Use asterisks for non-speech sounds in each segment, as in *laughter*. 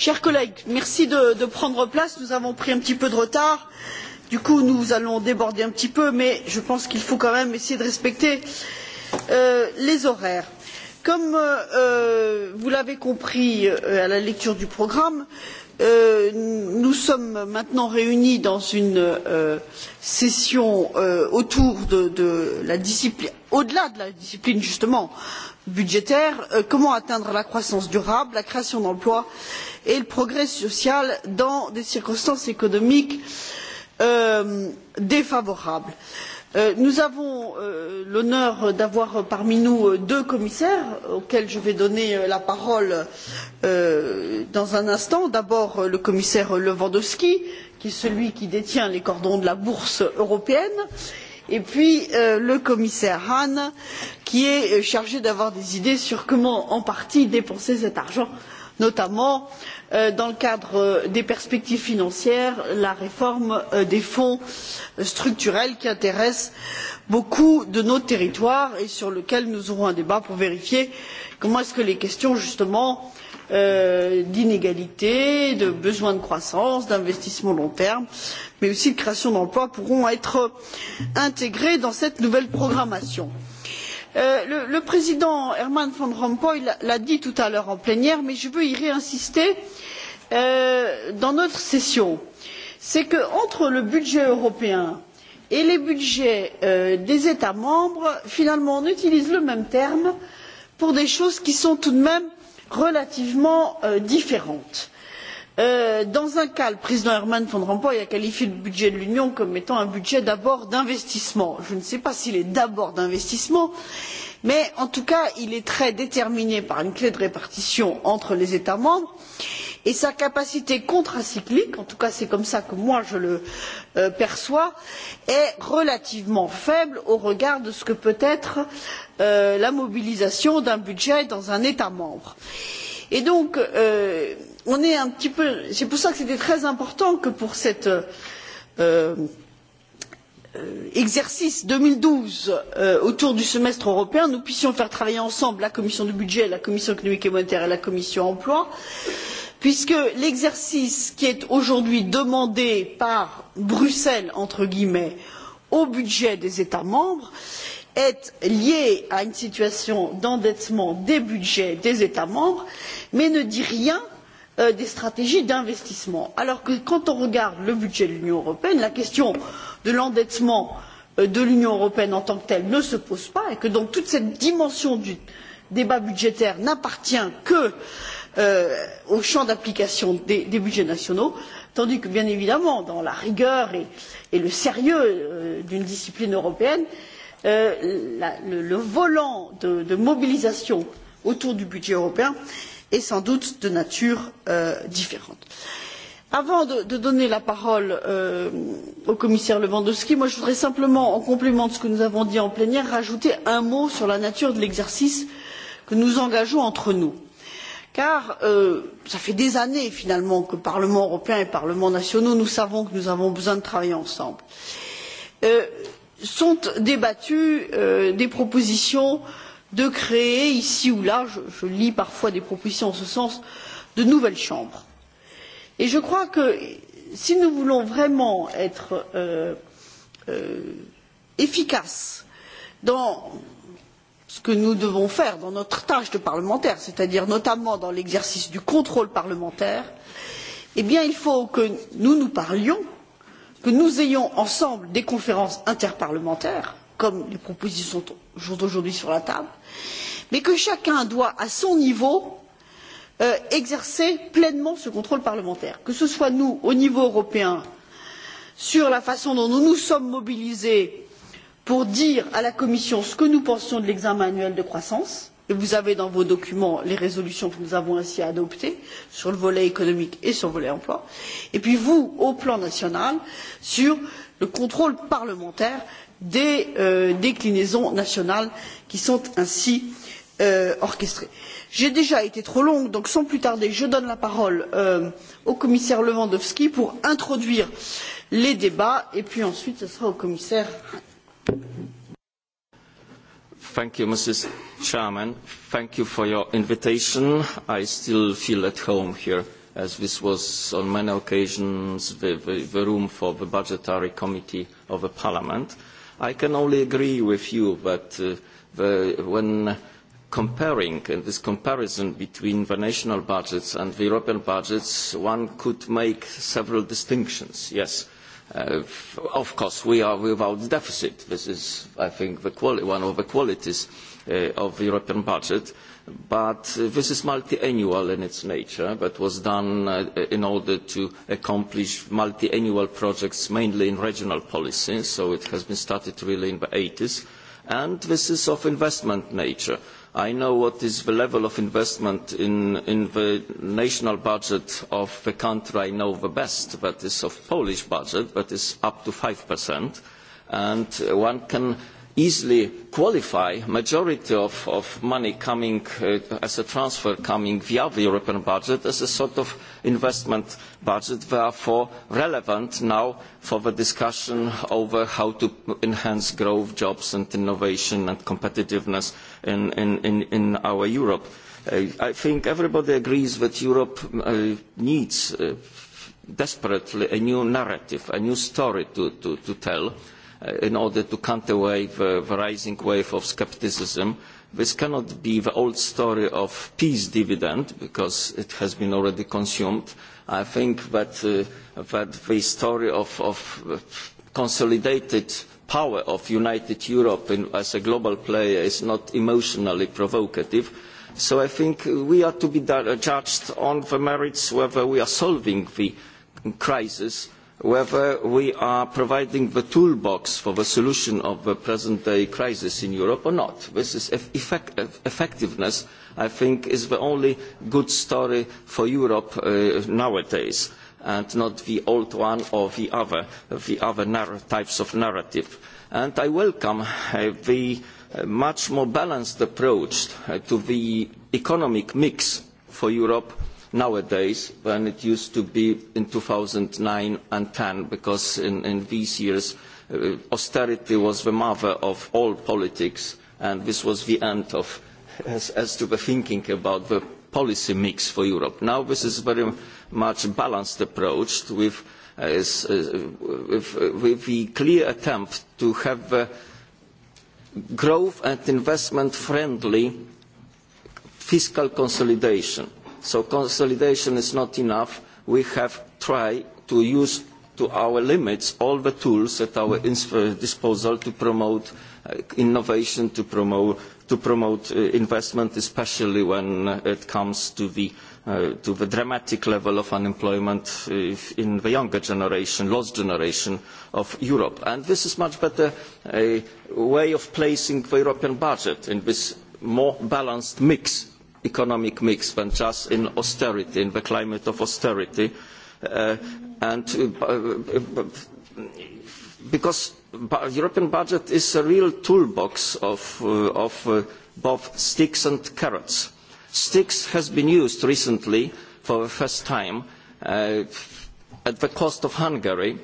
Chers collègues, merci de, de prendre place. Nous avons pris un petit peu de retard. Du coup, nous allons déborder un petit peu, mais je pense qu'il faut quand même essayer de respecter euh, les horaires. Comme euh, euh vous l'avez compris euh, à la lecture du programme, Euh, nous sommes maintenant réunis dans une euh, session euh, autour de, de la discipline, au-delà de la discipline justement budgétaire, euh, comment atteindre la croissance durable, la création d'emplois et le progrès social dans des circonstances économiques euh, défavorables. Euh, Euh, nous avons euh, l'honneur d'avoir parmi nous deux commissaires auxquels je vais donner euh, la parole dans un instant d'abord le commissaire lewandowski qui est celui qui détient les cordons de la bourse européenne et puis le commissaire hahn qui est chargé d'avoir des idées sur comment en partie dépenser cet argent notamment euh, dans le cadre euh, des perspectives financières la réforme euh, des fonds structurels qui intéresse beaucoup de nos territoires et sur lequel nous aurons un débat pour vérifier comment que les questions justement d'inégalité, de besoins de croissance d'investissement à long terme mais aussi de création d'emplois pourront être intégrées dans cette nouvelle programmation. Euh, le, président herman van rompuy l'a dit tout à l'heure en plénière mais je veux y réinsister euh, dans notre session c'est qu'entre le budget européen et les budgets euh, des états membres finalement on utilise le même terme pour des choses qui sont tout de même relativement différentes Euh, dans un cas le président herman van rompuy a qualifié le budget de l'union comme étant un budget d'abord d'investissement. je ne sais pas s'il est d'abord d'investissement mais en tout cas il est très déterminé par une clé de répartition entre les états membres et sa capacité contracyclique en tout cas c'est comme cela que moi je le euh, perçois est relativement faible au regard de ce que peut être euh, la mobilisation d'un budget dans un état membre. et donc euh, on est un petit peu. C'est pour ça que c'était très important que pour cet euh, euh exercice deux mille douze euh, autour du semestre européen, nous puissions faire travailler ensemble la commission du budget, la commission économique et monétaire et la commission emploi, puisque l'exercice qui est aujourd'hui demandé par Bruxelles, entre guillemets, au budget des États membres est lié à une situation d'endettement des budgets des États membres, mais ne dit rien euh, des stratégies d'investissement. Alors que quand on regarde le budget de l'Union européenne, la question de l'endettement euh, de l'Union européenne en tant que telle ne se pose pas et que donc toute cette dimension du débat budgétaire n'appartient que euh, au champ d'application des, des, budgets nationaux, tandis que bien évidemment, dans la rigueur et, et le sérieux euh, d'une discipline européenne, euh, la, le, le, volant de, de mobilisation autour du budget européen et sans doute de nature euh, différente. Avant de, de donner la parole euh, au commissaire Lewandowski, moi, je voudrais simplement, en complément de ce que nous avons dit en plénière, rajouter un mot sur la nature de l'exercice que nous engageons entre nous. Car euh, ça fait des années finalement que Parlement européen et Parlement nationaux, nous savons que nous avons besoin de travailler ensemble. Euh, sont débattues euh, des propositions euh, de créer ici ou là, je, je lis parfois des propositions en ce sens, de nouvelles chambres. Et je crois que si nous voulons vraiment être euh, euh, efficaces dans ce que nous devons faire dans notre tâche de parlementaire, c'est-à-dire notamment dans l'exercice du contrôle parlementaire, eh bien il faut que nous nous parlions, que nous ayons ensemble des conférences interparlementaires, comme les propositions sont aujourd'hui sur la table, mais que chacun doit à son niveau euh, exercer pleinement ce contrôle parlementaire que ce soit nous au niveau européen sur la façon dont nous nous sommes mobilisés pour dire à la commission ce que nous pensions de l'examen annuel de croissance et vous avez dans vos documents les résolutions que nous avons ainsi adoptées sur le volet économique et sur le volet emploi et puis vous au plan national sur le contrôle parlementaire des euh, déclinaisons nationales qui sont ainsi euh, orchestrées. J'ai déjà été trop longue, donc sans plus tarder, je donne la parole euh, au commissaire Lewandowski pour introduire les débats et puis ensuite ce sera au commissaire. Thank you, Mrs. Chairman. Thank you for your invitation. I still feel at home here, as this was on many occasions the, the, the room for the Budgetary Committee of the Parliament. I can only agree with you that uh, the, when comparing and uh, this comparison between the national budgets and the European budgets, one could make several distinctions. Yes, uh, of course, we are without deficit. This is, I think, the quali one of the qualities uh, of the European budget but uh, this is multi-annual in its nature, but was done uh, in order to accomplish multi-annual projects mainly in regional policy, so it has been started really in the 80s, and this is of investment nature. I know what is the level of investment in, in the national budget of the country I know the best, that is of Polish budget, that is up to 5%, and one can easily qualify majority of, of money coming uh, as a transfer coming via the European budget as a sort of investment budget, therefore relevant now for the discussion over how to enhance growth, jobs and innovation and competitiveness in, in, in our Europe. Uh, I think everybody agrees that Europe uh, needs uh, desperately a new narrative, a new story to, to, to tell Uh, in order to counter wave the rising wave of scepticism. This cannot be the old story of peace dividend because it has been already consumed. I think that, uh, that the story of, of consolidated power of united Europe in, as a global player is not emotionally provocative. So I think we are to be judged on the merits whether we are solving the crisis whether we are providing the toolbox for the solution of the present day crisis in Europe or not. This is effect effectiveness, I think, is the only good story for Europe uh, nowadays and not the old one or the other, the other types of narrative. And I welcome uh, the uh, much more balanced approach uh, to the economic mix for Europe nowadays than it used to be in two thousand nine and ten, because in, in these years uh, austerity was the mother of all politics and this was the end of as, as to the thinking about the policy mix for Europe. Now this is very much balanced approach with, uh, is, uh, with, uh, with the clear attempt to have uh, growth and investment friendly fiscal consolidation So consolidation is not enough. We have tried to use to our limits all the tools at our uh, disposal to promote uh, innovation, to promote, to promote uh, investment, especially when it comes to the Uh, to the dramatic level of unemployment uh, in the younger generation, lost generation of Europe. And this is much better a way of placing the European budget in this more balanced mix economic mix than just in austerity, in the climate of austerity. Uh, and uh, uh, uh because the European budget is a real toolbox of, uh, of uh, both sticks and carrots. Sticks has been used recently for the first time at the cost of Hungary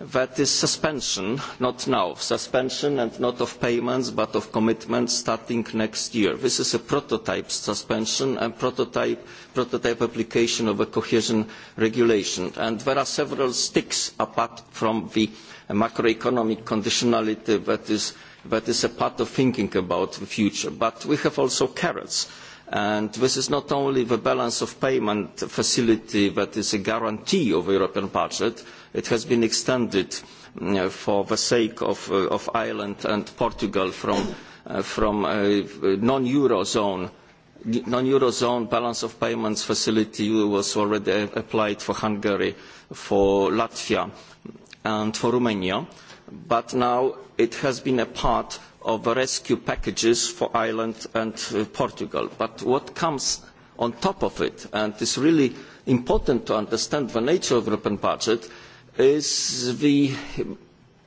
that is suspension, not now, suspension and not of payments but of commitments starting next year. This is a prototype suspension and prototype, prototype application of a cohesion regulation. And there are several sticks apart from the macroeconomic conditionality that is, that is a part of thinking about the future. But we have also carrots And this is not only the balance of payment facility that is a guarantee of the European budget, it has been extended for the sake of, uh, of Ireland and Portugal from, uh, from non-Eurozone non-Eurozone balance of payments facility was already applied for Hungary, for Latvia and for Romania, but now it has been a part of rescue packages for Ireland and uh, Portugal. But what comes on top of it, and is really important to understand the nature of the European budget, is the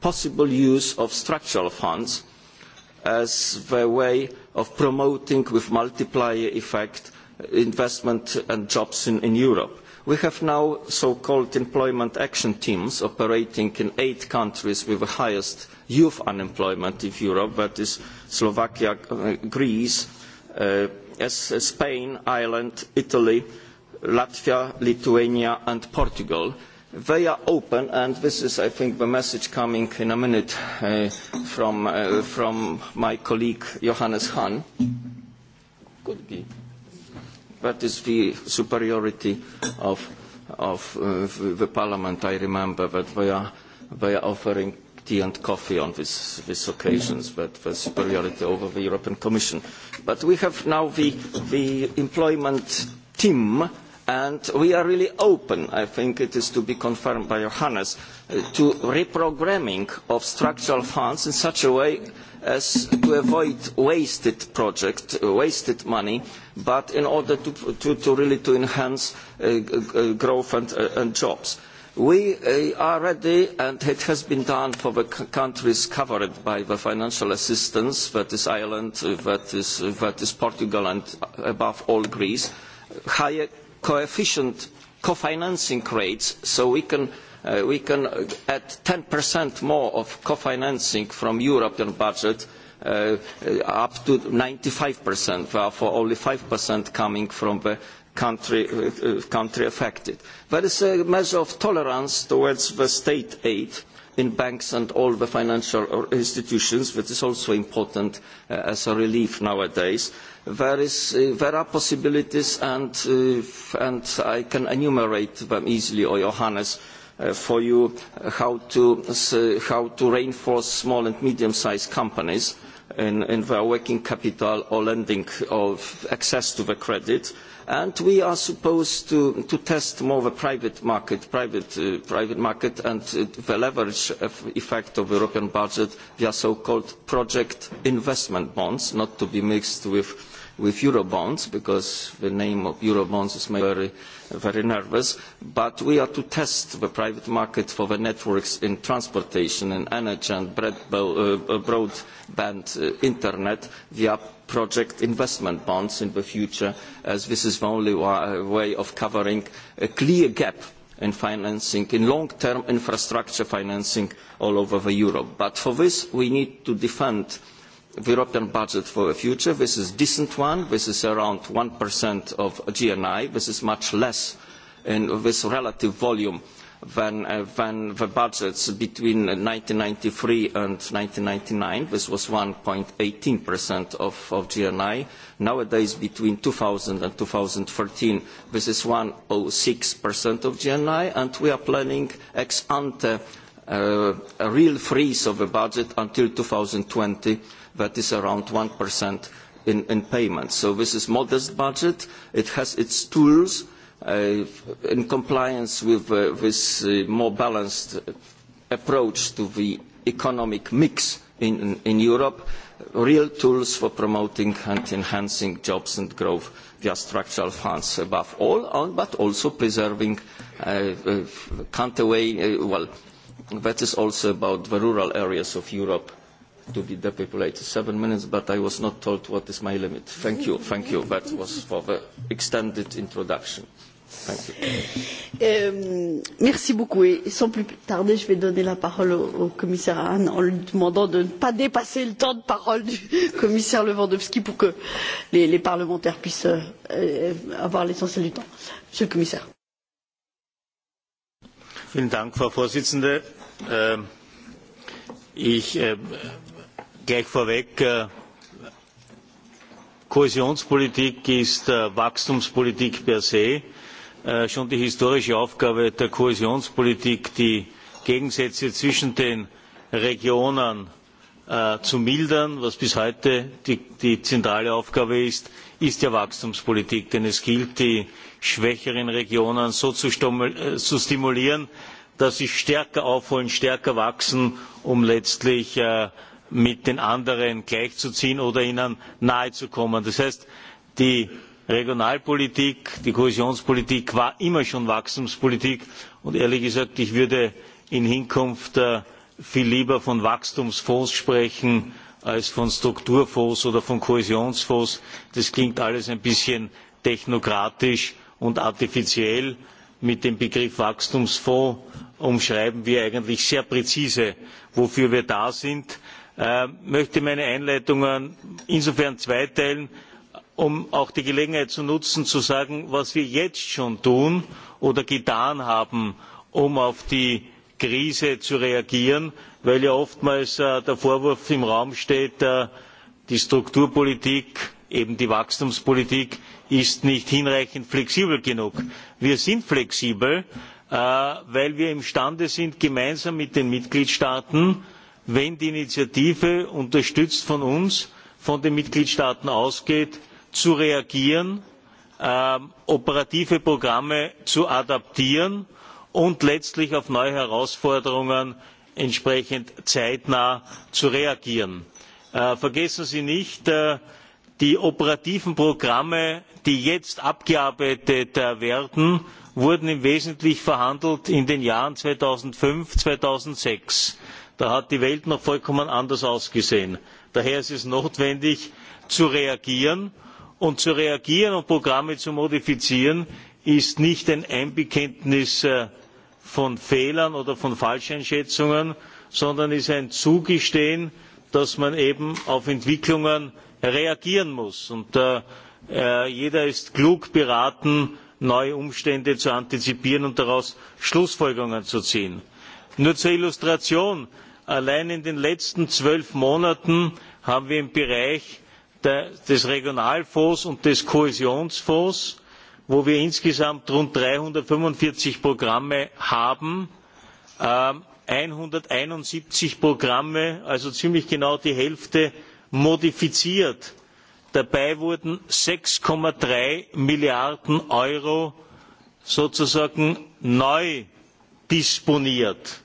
possible use of structural funds as the way of promoting with multiplier effect investment and jobs in, in Europe. We have now so-called employment action teams operating in eight countries with the highest youth unemployment in Europe, that is Slovakia, uh, Greece, uh, uh, Spain, Ireland, Italy, Latvia, Lithuania and Portugal. They are open, and this is, I think, the message coming in a minute uh, from, uh, from my colleague Johannes Hahn. Could be. That is the superiority of, of uh, the Parliament. I remember that they are, they are offering tea and coffee on this, these occasions, but the superiority over the European Commission. But we have now the, the employment team And we are really open, I think it is to be confirmed by Johannes, uh, to reprogramming of structural funds in such a way as to avoid wasted projects, uh, wasted money, but in order to, to, to really to enhance uh, growth and, uh, and, jobs. We uh, are ready, and it has been done for the countries covered by the financial assistance, that is Ireland, that is, that is Portugal, and above all Greece, higher coefficient co-financing rates, so we can, uh, we can add 10% more of co-financing from European budget uh, up to 95%, therefore only 5% coming from the country, uh, country affected. That is a measure of tolerance towards the state aid, in banks and all the financial institutions, which is also important uh, as a relief nowadays. There, is, uh, there are possibilities, and, uh, and, I can enumerate them easily, or Johannes, uh, for you, how to, how to reinforce small and medium-sized companies in, in their working capital or lending of access to the credit. And we are supposed to, to test more the private market, private, uh, private market and uh, the leverage effect of the European budget via so-called project investment bonds, not to be mixed with with Eurobonds, because the name of Eurobonds is made very, very nervous, but we are to test the private market for the networks in transportation and energy and uh, uh, broadband uh, internet via project investment bonds in the future, as this is the only way of covering a clear gap in financing, in long-term infrastructure financing all over Europe. But for this, we need to defend European budget for the future. This is a decent one. This is around 1% of GNI. This is much less in this relative volume than, uh, than the budgets between 1993 and ninety nine. This was 1.18% of, of GNI. Nowadays, between two thousand and thirteen this is one 1.06% of GNI, and we are planning ex ante uh, a real freeze of the budget until twenty that is around 1% in, in payments. So this is modest budget. It has its tools uh, in compliance with uh, this uh, more balanced approach to the economic mix in, in, in Europe, real tools for promoting and enhancing jobs and growth via structural funds above all, uh, but also preserving uh, uh, counterweight, uh, well, that is also about the rural areas of Europe to be depopulated seven minutes, but I was not told what is my limit. Thank you, thank you. That was for the extended introduction. Thank you. Euh, merci beaucoup. Et sans plus tarder, je vais donner la parole au, au commissaire Hahn en lui demandant de ne pas dépasser le temps de parole du *laughs* commissaire Lewandowski pour que les, les parlementaires puissent euh, avoir l'essentiel du temps. Monsieur le commissaire. Vielen Dank, Frau Vorsitzende. Ähm, ich ähm, gleich vorweg, Kohäsionspolitik eh, ist Wachstumspolitik per se. Eh, schon die historische Aufgabe der Kohäsionspolitik, die Gegensätze zwischen den Regionen äh, zu mildern, was bis heute die, die, zentrale Aufgabe ist, ist ja Wachstumspolitik, denn es gilt, die schwächeren Regionen so zu, äh, zu stimulieren, dass sie stärker aufholen, stärker wachsen, um letztlich äh, mit den anderen gleichzuziehen oder ihnen nahe zu kommen. Das heißt, die Regionalpolitik, die Kohäsionspolitik war immer schon Wachstumspolitik und ehrlich gesagt, ich würde in Hinkunft äh, viel lieber von Wachstumsfonds sprechen als von Strukturfonds oder von Kohäsionsfonds. Das klingt alles ein bisschen technokratisch und artifiziell. Mit dem Begriff Wachstumsfonds umschreiben wir eigentlich sehr präzise, wofür wir da sind. Äh, möchte meine Einleitungen insofern zweiteilen, um auch die Gelegenheit zu nutzen, zu sagen, was wir jetzt schon tun oder getan haben, um auf die Krise zu reagieren, weil ja oftmals äh, der Vorwurf im Raum steht, äh, die Strukturpolitik, eben die Wachstumspolitik ist nicht hinreichend flexibel genug. Wir sind flexibel, weil wir imstande sind, gemeinsam mit den Mitgliedstaaten wenn die Initiative unterstützt von uns, von den Mitgliedstaaten ausgeht, zu reagieren, ähm, operative Programme zu adaptieren und letztlich auf neue Herausforderungen entsprechend zeitnah zu reagieren. Äh, vergessen Sie nicht, äh, die operativen Programme, die jetzt abgearbeitet äh, werden, wurden im Wesentlichen verhandelt in den Jahren 2005, 2006. Da hat die Welt noch vollkommen anders ausgesehen. Daher ist es notwendig, zu reagieren. Und zu reagieren und Programme zu modifizieren, ist nicht ein Einbekenntnis äh, von Fehlern oder von Falscheinschätzungen, sondern ist ein Zugestehen, dass man eben auf Entwicklungen reagieren muss. Und äh, äh jeder ist klug beraten, neue Umstände zu antizipieren und daraus Schlussfolgerungen zu ziehen. Nur zur Illustration allein in den letzten zwölf monaten haben wir im bereich des regionalfonds und des kohäsionsfonds wo wir insgesamt rund dreihundertfünfundvierzig programme haben ähm, einhunderteinundsiebzig programme also ziemlich genau die hälfte modifiziert. dabei wurden sechs drei milliarden euro sozusagen neu disponiert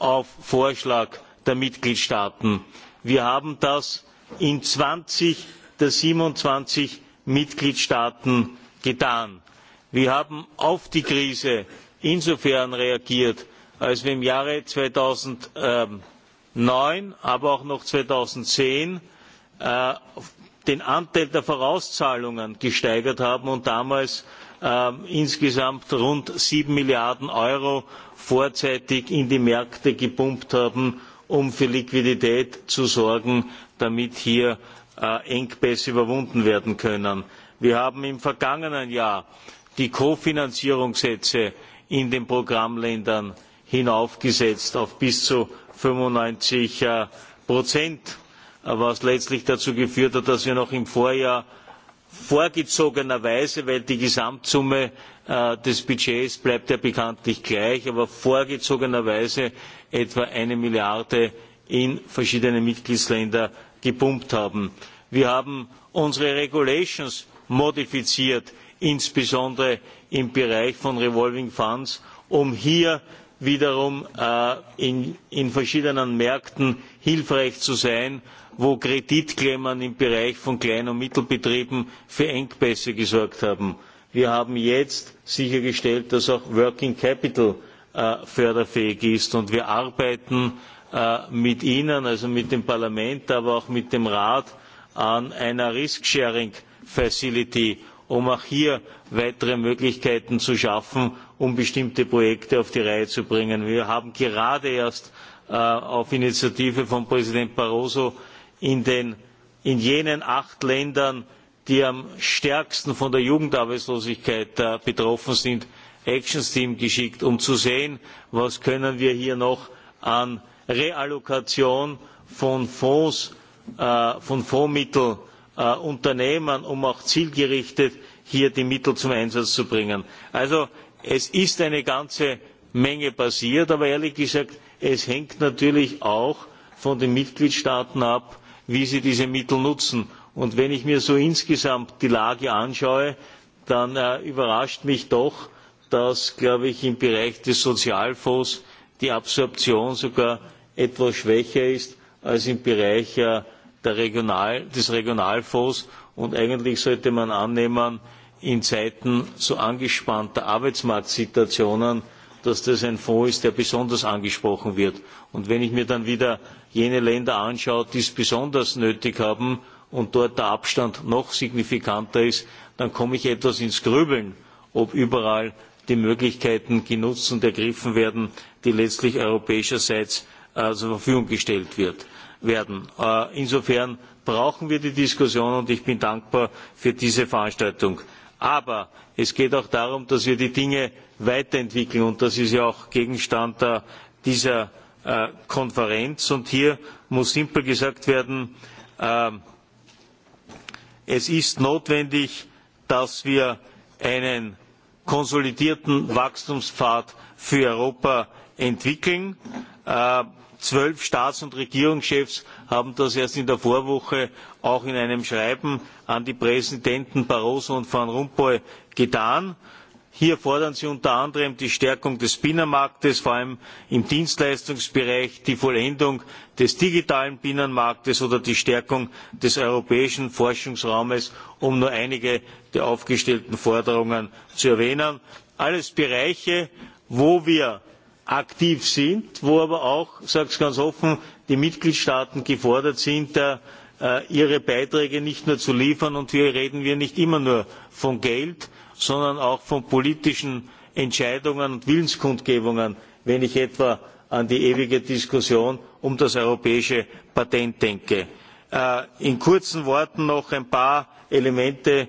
auf Vorschlag der Mitgliedstaaten. Wir haben das in zwanzig der siebenundzwanzig Mitgliedstaaten getan. Wir haben auf die Krise insofern reagiert, als wir im Jahre 2009, aber auch noch 2010 äh, den Anteil der Vorauszahlungen gesteigert haben und damals Ähm, insgesamt rund sieben Milliarden Euro vorzeitig in die Märkte gepumpt haben, um für Liquidität zu sorgen, damit hier äh, Engpässe überwunden werden können. Wir haben im vergangenen Jahr die Kofinanzierungssätze in den Programmländern hinaufgesetzt auf bis zu 95 äh, Prozent, was letztlich dazu geführt hat, dass wir noch im Vorjahr vorgezogenerweise, weil die Gesamtsumme äh, des Budgets bleibt ja bekanntlich gleich, aber vorgezogenerweise etwa eine Milliarde in verschiedene Mitgliedsländer gepumpt haben. Wir haben unsere Regulations modifiziert, insbesondere im Bereich von Revolving Funds, um hier wiederum äh, in, in verschiedenen Märkten hilfreich zu sein wo Kreditklemmern im Bereich von Klein- und Mittelbetrieben für Engpässe gesorgt haben. Wir haben jetzt sichergestellt, dass auch Working Capital äh, förderfähig ist und wir arbeiten äh, mit Ihnen, also mit dem Parlament, aber auch mit dem Rat an einer Risk Sharing Facility, um auch hier weitere Möglichkeiten zu schaffen, um bestimmte Projekte auf die Reihe zu bringen. Wir haben gerade erst äh, auf Initiative von Präsident Barroso in, den, in jenen acht Ländern, die am stärksten von der Jugendarbeitslosigkeit äh, betroffen sind, Action Team geschickt, um zu sehen, was können wir hier noch an Reallokation von Fonds, äh, von Fondsmitteln äh, unternehmen, um auch zielgerichtet hier die Mittel zum Einsatz zu bringen. Also es ist eine ganze Menge passiert, aber ehrlich gesagt, es hängt natürlich auch von den Mitgliedstaaten ab, wie sie diese Mittel nutzen. Und wenn ich mir so insgesamt die Lage anschaue, dann äh, überrascht mich doch, dass, glaube ich, im Bereich des Sozialfonds die Absorption sogar etwas schwächer ist als im Bereich äh, Regional, des Regionalfonds. Und eigentlich sollte man annehmen, in Zeiten so angespannter Arbeitsmarktsituationen dass das ein Fonds ist, der besonders angesprochen wird. Und wenn ich mir dann wieder jene Länder anschaue, die es besonders nötig haben und dort der Abstand noch signifikanter ist, dann komme ich etwas ins Grübeln, ob überall die Möglichkeiten genutzt und ergriffen werden, die letztlich europäischerseits äh, zur Verfügung gestellt wird, werden. Äh, insofern brauchen wir die Diskussion und ich bin dankbar für diese Veranstaltung. Aber es geht auch darum, dass wir die Dinge weiterentwickeln und das ist ja auch Gegenstand dieser äh, Konferenz und hier muss simpel gesagt werden, ähm, es ist notwendig, dass wir einen konsolidierten Wachstumspfad für Europa entwickeln. Äh, Zwölf Staats- und Regierungschefs haben das erst in der Vorwoche auch in einem Schreiben an die Präsidenten Barroso und Van Rompuy getan. Hier fordern sie unter anderem die Stärkung des Binnenmarktes, vor allem im Dienstleistungsbereich, die Vollendung des digitalen Binnenmarktes oder die Stärkung des europäischen Forschungsraumes, um nur einige der aufgestellten Forderungen zu erwähnen. Alles Bereiche, wo wir aktiv sind, wo aber auch, sage ich ganz offen, die Mitgliedstaaten gefordert sind, äh, äh, ihre Beiträge nicht nur zu liefern. Und hier reden wir nicht immer nur von Geld, sondern auch von politischen Entscheidungen und Willenskundgebungen, wenn ich etwa an die ewige Diskussion um das europäische Patent denke. Äh, in kurzen Worten noch ein paar Elemente,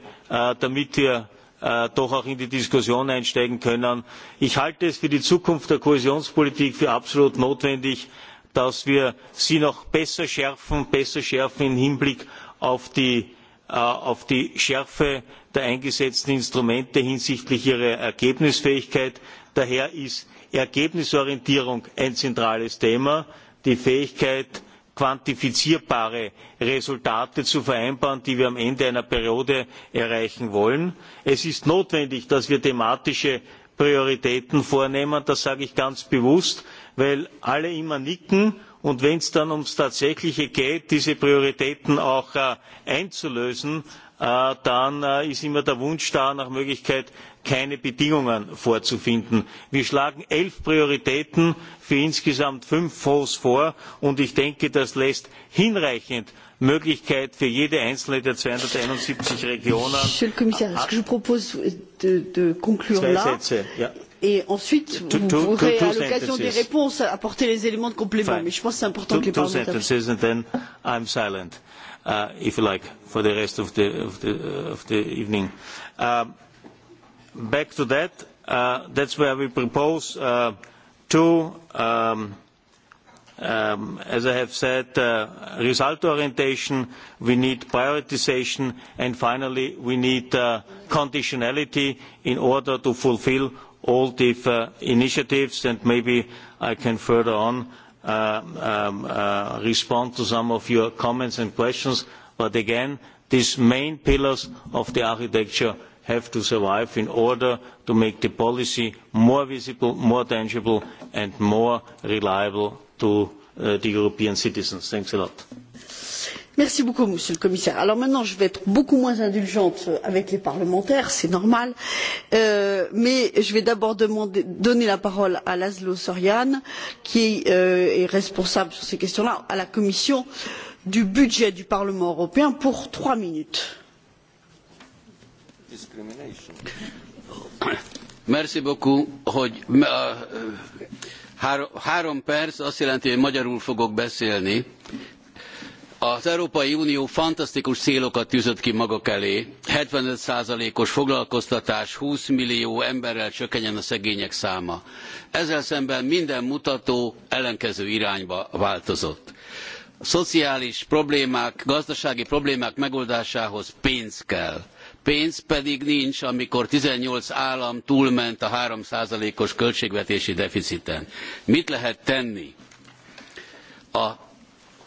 damit wir Äh, doch auch in die Diskussion einsteigen können. Ich halte es für die Zukunft der Kohäsionspolitik für absolut notwendig, dass wir sie noch besser schärfen, besser schärfen im Hinblick auf die, äh, auf die Schärfe der eingesetzten Instrumente hinsichtlich ihrer Ergebnisfähigkeit. Daher ist Ergebnisorientierung ein zentrales Thema, die Fähigkeit, quantifizierbare Resultate zu vereinbaren, die wir am Ende einer Periode erreichen wollen. Es ist notwendig, dass wir thematische Prioritäten vornehmen. Das sage ich ganz bewusst, weil alle immer nicken und wenn es dann ums Tatsächliche geht, diese Prioritäten auch äh, einzulösen, äh, dann äh, ist immer der Wunsch da nach Möglichkeit keine Bedingungen vorzufinden. Wir schlagen elf Prioritäten für insgesamt fünf Fonds vor und ich denke, das lässt hinreichend Möglichkeit für jede einzelne der 271 Regionen. Monsieur le Commissaire, ce que je propose de, de conclure là Sätze, ja. Et ensuite, vous pourrez, à l'occasion des réponses, apporter les éléments de complément. Fine. Mais je pense que c'est important que les Two sentences and then I'm silent, uh, if you like, for the rest of the, of the, uh, of the evening. uh, back to that. Uh, that's where we propose uh, two, um, um, as I have said, uh, result orientation, we need prioritization, and finally we need uh, conditionality in order to fulfill all these uh, initiatives, and maybe I can further on uh, um, uh, respond to some of your comments and questions. But again, these main pillars of the architecture have to survive in order to make the policy more visible, more tangible and more reliable to uh, the European citizens. Thanks a lot. Merci beaucoup, Monsieur le Commissaire. Alors maintenant, je vais être beaucoup moins indulgente avec les parlementaires, c'est normal, euh, mais je vais d'abord donner la parole à Laszlo Sorian, qui euh, est responsable sur ces questions-là, à la Commission du budget du Parlement européen, pour trois minutes discrimination. Merci beaucoup, hogy uh, három, három perc azt jelenti, hogy magyarul fogok beszélni. Az Európai Unió fantasztikus célokat tűzött ki maga elé. 75%-os foglalkoztatás, 20 millió emberrel csökkenjen a szegények száma. Ezzel szemben minden mutató ellenkező irányba változott szociális problémák, gazdasági problémák megoldásához pénz kell. Pénz pedig nincs, amikor 18 állam túlment a 3%-os költségvetési deficiten. Mit lehet tenni? A,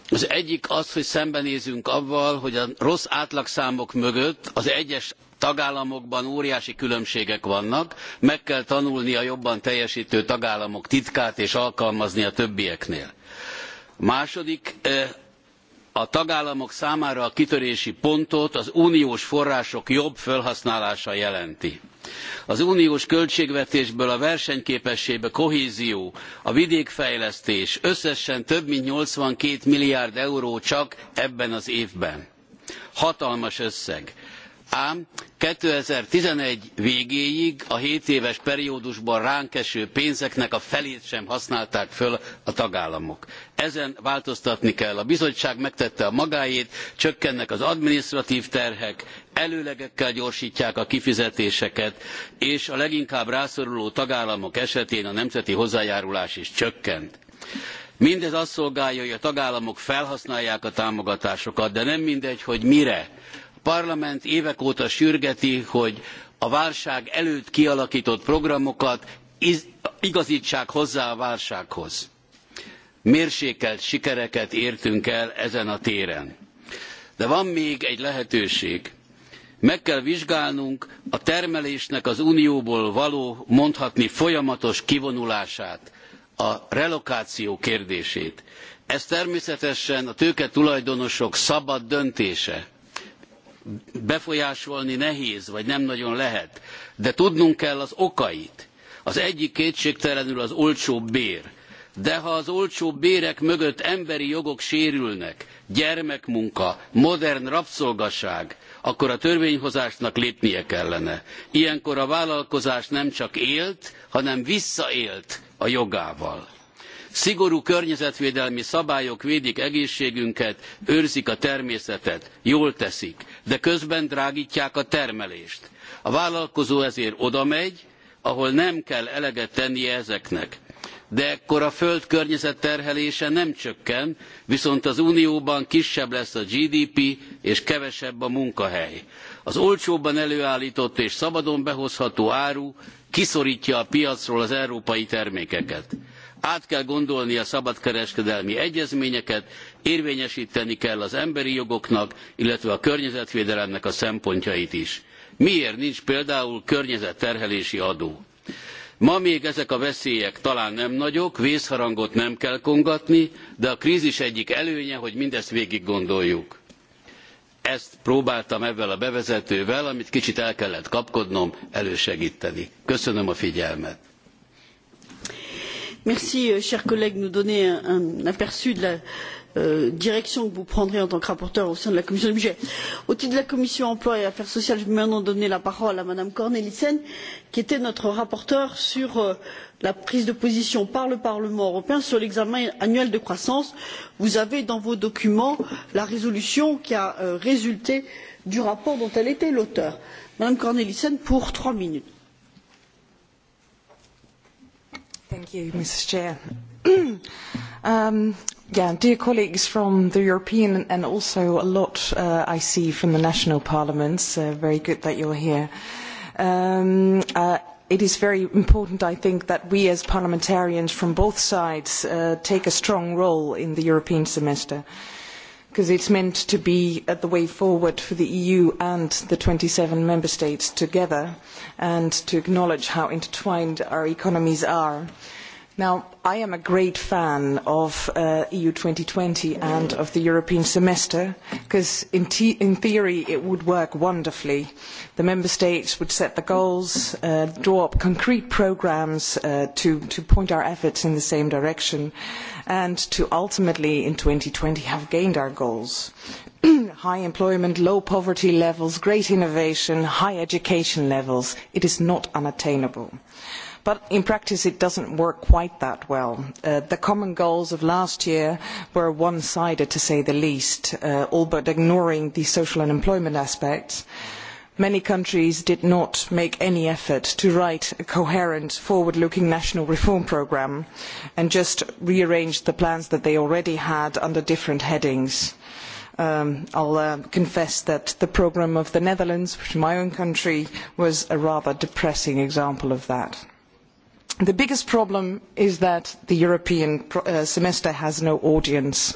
az egyik az, hogy szembenézünk avval, hogy a rossz átlagszámok mögött az egyes tagállamokban óriási különbségek vannak, meg kell tanulni a jobban teljesítő tagállamok titkát és alkalmazni a többieknél. Második eh, a tagállamok számára a kitörési pontot az uniós források jobb felhasználása jelenti. Az uniós költségvetésből a versenyképességbe kohézió, a vidékfejlesztés összesen több mint 82 milliárd euró csak ebben az évben. Hatalmas összeg Ám 2011 végéig a 7 éves periódusban ránk eső pénzeknek a felét sem használták föl a tagállamok. Ezen változtatni kell. A bizottság megtette a magáét, csökkennek az administratív terhek, előlegekkel gyorsítják a kifizetéseket, és a leginkább rászoruló tagállamok esetén a nemzeti hozzájárulás is csökkent. Mindez azt szolgálja, hogy a tagállamok felhasználják a támogatásokat, de nem mindegy, hogy mire parlament évek óta sürgeti, hogy a válság előtt kialakított programokat igazítsák hozzá a válsághoz. Mérsékelt sikereket értünk el ezen a téren. De van még egy lehetőség. Meg kell vizsgálnunk a termelésnek az unióból való, mondhatni folyamatos kivonulását, a relokáció kérdését. Ez természetesen a tőke tulajdonosok szabad döntése befolyásolni nehéz, vagy nem nagyon lehet, de tudnunk kell az okait. Az egyik kétségtelenül az olcsó bér. De ha az olcsóbb bérek mögött emberi jogok sérülnek, gyermekmunka, modern rabszolgaság, akkor a törvényhozásnak lépnie kellene. Ilyenkor a vállalkozás nem csak élt, hanem visszaélt a jogával. Szigorú környezetvédelmi szabályok védik egészségünket, őrzik a természetet, jól teszik de közben drágítják a termelést. A vállalkozó ezért odamegy, ahol nem kell eleget tennie ezeknek. De ekkor a föld környezet terhelése nem csökken, viszont az Unióban kisebb lesz a GDP és kevesebb a munkahely. Az olcsóbban előállított és szabadon behozható áru kiszorítja a piacról az európai termékeket át kell gondolni a szabadkereskedelmi egyezményeket, érvényesíteni kell az emberi jogoknak, illetve a környezetvédelemnek a szempontjait is. Miért nincs például környezetterhelési adó? Ma még ezek a veszélyek talán nem nagyok, vészharangot nem kell kongatni, de a krízis egyik előnye, hogy mindezt végig gondoljuk. Ezt próbáltam ebben a bevezetővel, amit kicsit el kellett kapkodnom, elősegíteni. Köszönöm a figyelmet. Merci, euh, chers collègues, de nous donner un, un aperçu de la euh, direction que vous prendrez en tant que rapporteur au sein de la commission des budgets. Au titre de la commission emploi et affaires sociales, je vais maintenant donner la parole à Madame Cornelissen, qui était notre rapporteure sur euh, la prise de position par le Parlement européen sur l'examen annuel de croissance. Vous avez dans vos documents la résolution qui a euh, résulté du rapport dont elle était l'auteur. Madame Cornelissen, pour trois minutes. Thank you, Mrs. Chair. *clears throat* um, yeah, dear colleagues from the European and also a lot uh, I see from the national parliaments, uh, very good that you're here. Um, uh, it is very important, I think, that we as parliamentarians from both sides uh, take a strong role in the European semester. Uh, because it is meant to be the way forward for the EU and the twenty seven member states together and to acknowledge how intertwined our economies are. Now, I am a great fan of uh, EU twenty and of the European semester because in, in, theory it would work wonderfully. The member states would set the goals, uh, draw up concrete programmes uh, to, to, point our efforts in the same direction and to ultimately in twenty have gained our goals. *clears throat* high employment, low poverty levels, great innovation, high education levels. It is not unattainable but in practice it does not work quite that well. Uh, the common goals of last year were one-sided to say the least, uh, all but ignoring the social and employment aspects. Many countries did not make any effort to write a coherent, forward-looking national reform programme and just rearranged the plans that they already had under different headings. I um, will uh, confess that the programme of the Netherlands, which is my own country, was a rather depressing example of that. The biggest problem is that the European uh, semester has no audience.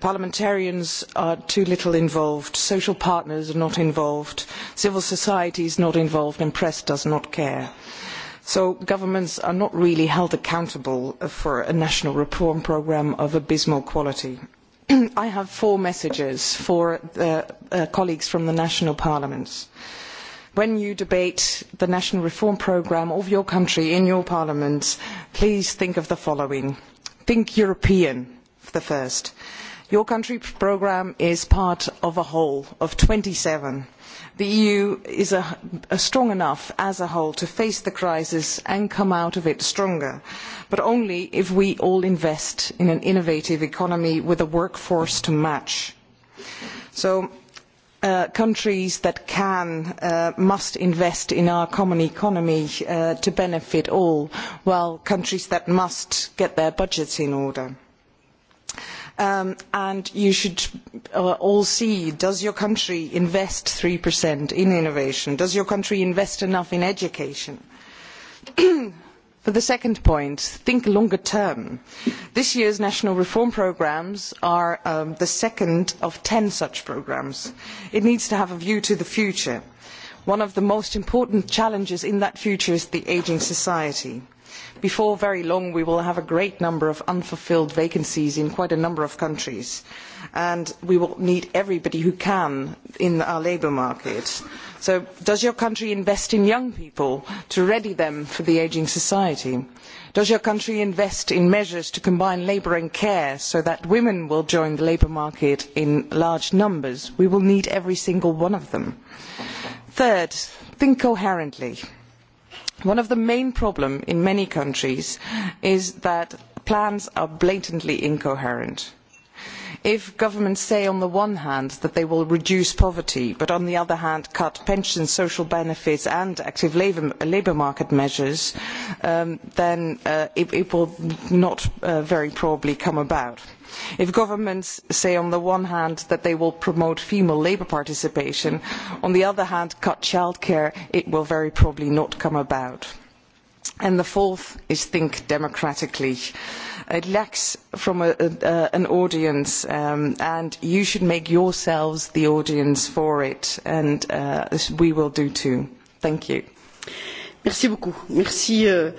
Parliamentarians are too little involved, social partners are not involved, civil society is not involved, and press does not care. So governments are not really held accountable for a national reform programme of abysmal quality. *clears throat* I have four messages for the uh, uh, colleagues from the national parliaments. Uh, when you debate the national reform programme of your country in your parliament, please think of the following. Think European for the first. Your country programme is part of a whole of twenty seven. The EU is a, a strong enough as a whole to face the crisis and come out of it stronger, but only if we all invest in an innovative economy with a workforce to match. So Uh, countries that can uh, must invest in our common economy uh, to benefit all, while countries that must get their budgets in order. Um, and you should uh, all see, does your country invest 3% in innovation? Does your country invest enough in education? *clears throat* For the second point, think longer term. This year's national reform programmes are um, the second of ten such programmes. It needs to have a view to the future. One of the most important challenges in that future is the ageing society before very long we will have a great number of unfulfilled vacancies in quite a number of countries and we will need everybody who can in our labour market. So does your country invest in young people to ready them for the ageing society? Does your country invest in measures to combine labour and care so that women will join the labour market in large numbers? We will need every single one of them. Third, think coherently One of the main problems in many countries is that plans are blatantly incoherent if governments say on the one hand that they will reduce poverty but on the other hand cut pensions, social benefits and active labour market measures, um, then uh, it, it, will not uh, very probably come about. If governments say on the one hand that they will promote female labour participation, on the other hand cut childcare, it will very probably not come about. And the fourth is think democratically it lacks from a, a, uh, an audience um, and you should make yourselves the audience for it and uh, we will do too. Thank you. Merci beaucoup. Merci euh,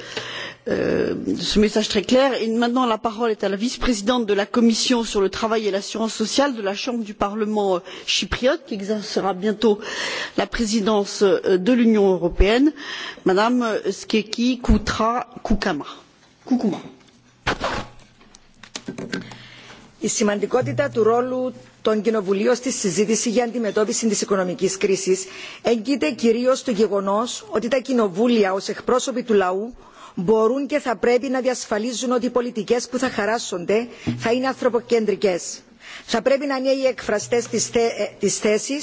euh, de ce message très clair. Et maintenant, la parole est à la vice-présidente de la Commission sur le travail et l'assurance sociale de la Chambre du Parlement euh, chypriote, qui exercera bientôt la présidence euh, de l'Union européenne, Madame Skeki Koutra Koukama. Koukouma. Η σημαντικότητα του ρόλου των κοινοβουλίων στη συζήτηση για αντιμετώπιση της οικονομικής κρίσης έγκυται κυρίως στο γεγονός ότι τα κοινοβούλια ως εκπρόσωποι του λαού μπορούν και θα πρέπει να διασφαλίζουν ότι οι πολιτικές που θα χαράσσονται θα είναι ανθρωποκεντρικές. Θα πρέπει να είναι οι εκφραστέ τη θέση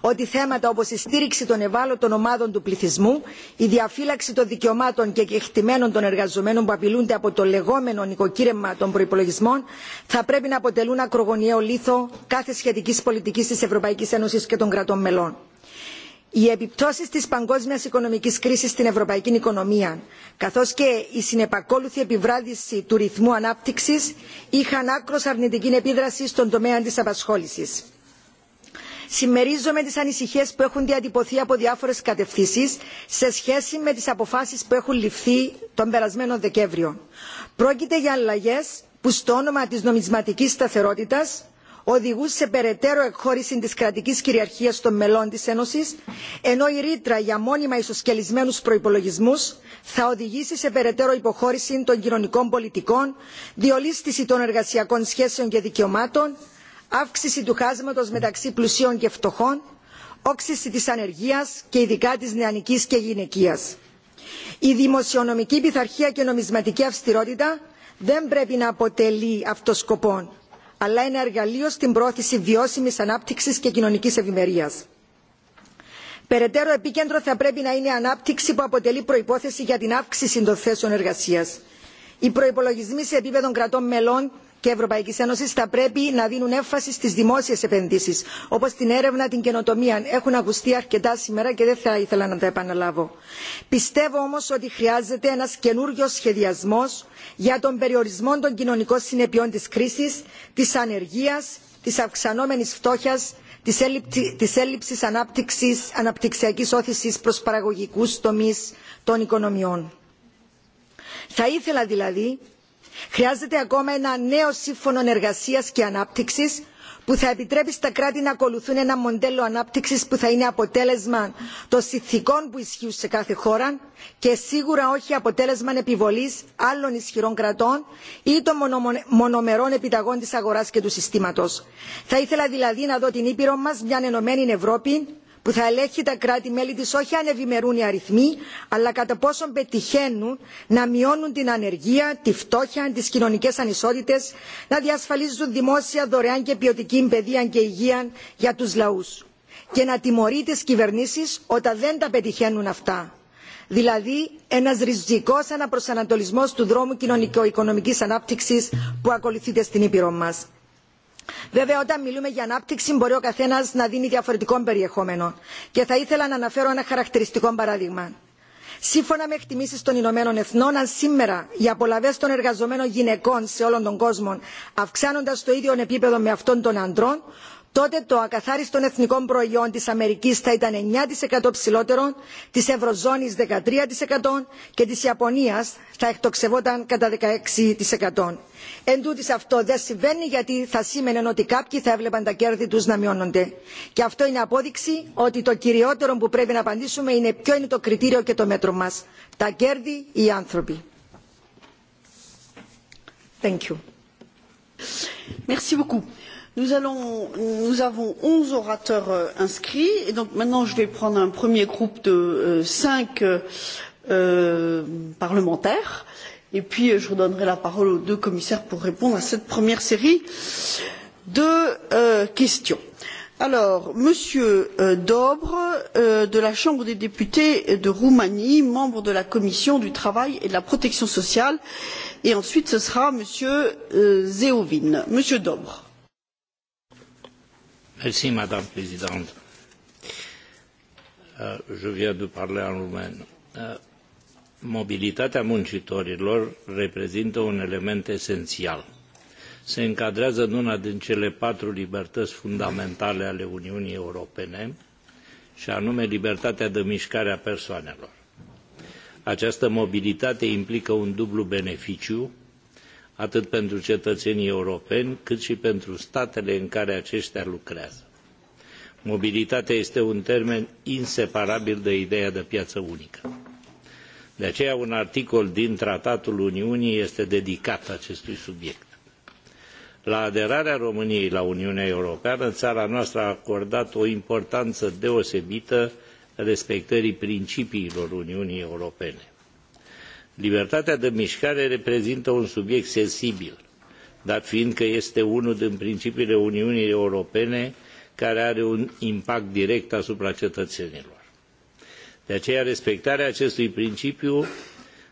ότι θέματα όπω η στήριξη των ευάλωτων ομάδων του πληθυσμού, η διαφύλαξη των δικαιωμάτων και κεκτημένων των εργαζομένων που απειλούνται από το λεγόμενο νοικοκύρεμα των προπολογισμών, θα πρέπει να αποτελούν ακρογωνιαίο λίθο κάθε σχετική πολιτική τη Ευρωπαϊκή Ένωση και των κρατών μελών. Οι επιπτώσεις της παγκόσμιας οικονομικής κρίσης στην ευρωπαϊκή οικονομία, καθώς και η συνεπακόλουθη επιβράδυση του ρυθμού ανάπτυξης, είχαν άκρος αρνητική επίδραση στον τομέα της απασχόλησης. Συμμερίζομαι τις ανησυχίες που έχουν διατυπωθεί από διάφορες κατευθύνσεις σε σχέση με τις αποφάσεις που έχουν ληφθεί τον περασμένο Δεκέμβριο. Πρόκειται για αλλαγές που στο όνομα της νομισματικής σταθερότητας Οδηγούσε σε περαιτέρω εκχώρηση τη κρατική κυριαρχία των μελών τη Ένωση, ενώ η ρήτρα για μόνιμα ισοσκελισμένου προπολογισμού θα οδηγήσει σε περαιτέρω υποχώρηση των κοινωνικών πολιτικών, διολίσθηση των εργασιακών σχέσεων και δικαιωμάτων, αύξηση του χάσματο μεταξύ πλουσίων και φτωχών, όξιση τη ανεργία και ειδικά τη νεανική και γυναικεία. Η δημοσιονομική πειθαρχία και νομισματική αυστηρότητα δεν πρέπει να αποτελεί σκοπό αλλά ένα εργαλείο στην πρόθεση βιώσιμη ανάπτυξη και κοινωνική ευημερία. Περαιτέρω επίκεντρο θα πρέπει να είναι η ανάπτυξη που αποτελεί προϋπόθεση για την αύξηση των θέσεων εργασίας. Οι προϋπολογισμοί σε επίπεδο κρατών μελών και Ευρωπαϊκή Ένωση θα πρέπει να δίνουν έμφαση στι δημόσιε επενδύσει, όπω την έρευνα, την καινοτομία. Έχουν ακουστεί αρκετά σήμερα και δεν θα ήθελα να τα επαναλάβω. Πιστεύω όμω ότι χρειάζεται ένα καινούριο σχεδιασμό για τον περιορισμό των κοινωνικών συνεπειών της κρίσης, της ανεργίας, της αυξανόμενης φτώχειας, της έλλειψης ανάπτυξης, αναπτυξιακής όθησης προς παραγωγικούς τομείς των οικονομιών. Θα ήθελα δηλαδή Χρειάζεται ακόμα ένα νέο σύμφωνο εργασίας και ανάπτυξης που θα επιτρέπει στα κράτη να ακολουθούν ένα μοντέλο ανάπτυξης που θα είναι αποτέλεσμα των συνθηκών που ισχύουν σε κάθε χώρα και σίγουρα όχι αποτέλεσμα επιβολής άλλων ισχυρών κρατών ή των μονομερών επιταγών της αγοράς και του συστήματος. Θα ήθελα δηλαδή να δω την Ήπειρο μας μια ενωμένη Ευρώπη που θα ελέγχει τα κράτη-μέλη της όχι αν ευημερούν οι αριθμοί, αλλά κατά πόσον πετυχαίνουν να μειώνουν την ανεργία, τη φτώχεια, τις κοινωνικές ανισότητες, να διασφαλίζουν δημόσια δωρεάν και ποιοτική παιδεία και υγεία για τους λαούς και να τιμωρεί τις κυβερνήσεις όταν δεν τα πετυχαίνουν αυτά. Δηλαδή ένας ριζικός αναπροσανατολισμός του δρόμου κοινωνικο-οικονομικής ανάπτυξης που ακολουθείται στην Ήπειρο μας. Βέβαια, όταν μιλούμε για ανάπτυξη, μπορεί ο καθένα να δίνει διαφορετικό περιεχόμενο. Και θα ήθελα να αναφέρω ένα χαρακτηριστικό παράδειγμα. Σύμφωνα με εκτιμήσει των Ηνωμένων Εθνών, αν σήμερα οι απολαυέ των εργαζομένων γυναικών σε όλον τον κόσμο αυξάνονται στο ίδιο επίπεδο με αυτών των αντρών, Τότε το ακαθάριστο εθνικό προϊόν της Αμερικής θα ήταν 9% ψηλότερο, της Ευρωζώνης 13% και της Ιαπωνίας θα εκτοξευόταν κατά 16%. Εν τούτης αυτό δεν συμβαίνει γιατί θα σήμαινε ότι κάποιοι θα έβλεπαν τα κέρδη τους να μειώνονται. Και αυτό είναι απόδειξη ότι το κυριότερο που πρέπει να απαντήσουμε είναι ποιο είναι το κριτήριο και το μέτρο μας. Τα κέρδη ή οι άνθρωποι. Thank you. Merci beaucoup. Nous, allons, nous avons onze orateurs euh, inscrits et donc maintenant je vais prendre un premier groupe de euh, cinq euh, parlementaires et puis euh, je redonnerai la parole aux deux commissaires pour répondre à cette première série de euh, questions. Alors, Monsieur euh, Dobre de la Chambre des députés de Roumanie, membre de la Commission du travail et de la protection sociale, et ensuite ce sera Monsieur Zeovin. Monsieur Dobre. Merci, Madame la Présidente. Euh, je viens de parler en roumain. Euh, mobilitatea muncitorilor reprezintă un element esențial. Se încadrează în una din cele patru libertăți fundamentale ale Uniunii Europene, și anume libertatea de mișcare a persoanelor. Această mobilitate implică un dublu beneficiu atât pentru cetățenii europeni, cât și pentru statele în care aceștia lucrează. Mobilitatea este un termen inseparabil de ideea de piață unică. De aceea un articol din Tratatul Uniunii este dedicat acestui subiect. La aderarea României la Uniunea Europeană, țara noastră a acordat o importanță deosebită respectării principiilor Uniunii Europene Libertatea de mișcare reprezintă un subiect sensibil, dat fiindcă este unul din principiile Uniunii Europene care are un impact direct asupra cetățenilor. De aceea, respectarea acestui principiu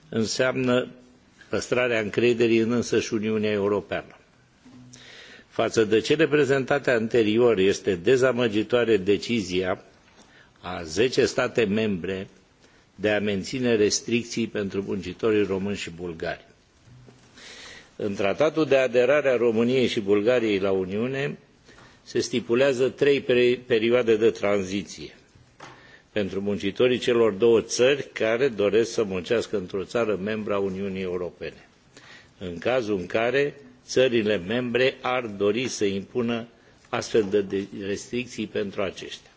înseamnă păstrarea încrederii în însăși Uniunea Europeană. Față de cele prezentate anterior, este dezamăgitoare decizia a 10 state membre de a menține restricții pentru muncitorii români și bulgari. În tratatul de aderare a României și Bulgariei la Uniune se stipulează trei perioade de tranziție pentru muncitorii celor două țări care doresc să muncească într-o țară membră a Uniunii Europene, în cazul în care țările membre ar dori să impună astfel de restricții pentru aceștia.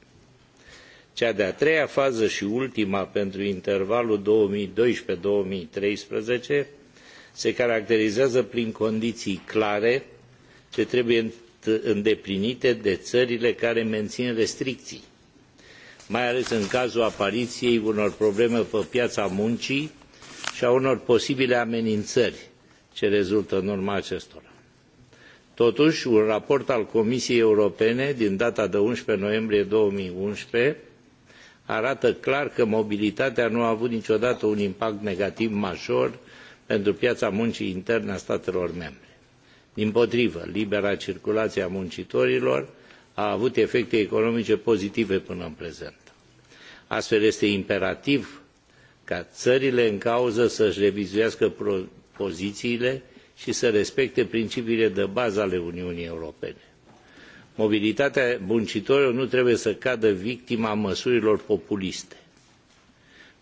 Cea de-a treia fază și ultima pentru intervalul 2012-2013 se caracterizează prin condiții clare ce trebuie îndeplinite de țările care mențin restricții, mai ales în cazul apariției unor probleme pe piața muncii și a unor posibile amenințări ce rezultă în urma acestora. Totuși, un raport al Comisiei Europene din data de 11 noiembrie 2011 arată clar că mobilitatea nu a avut niciodată un impact negativ major pentru piața muncii interne a statelor membre. Dimpotrivă, libera circulație a muncitorilor a avut efecte economice pozitive până în prezent. Astfel este imperativ ca țările în cauză să-și revizuiască pozițiile și să respecte principiile de bază ale Uniunii Europene Mobilitatea muncitorilor nu trebuie să cadă victima măsurilor populiste.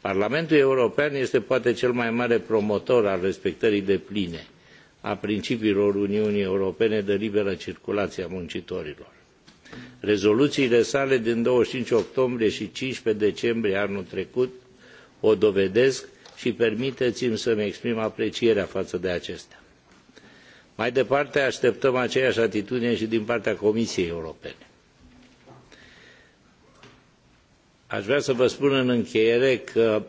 Parlamentul European este poate cel mai mare promotor al respectării depline a principiilor Uniunii Europene de liberă circulație a muncitorilor. Rezoluțiile sale din 25 octombrie și 15 decembrie anul trecut o dovedesc și permiteți-mi să-mi exprim aprecierea față de acestea. Mai departe, așteptăm aceeași atitudine și din partea Comisiei Europene. Aș vrea să vă spun în încheiere că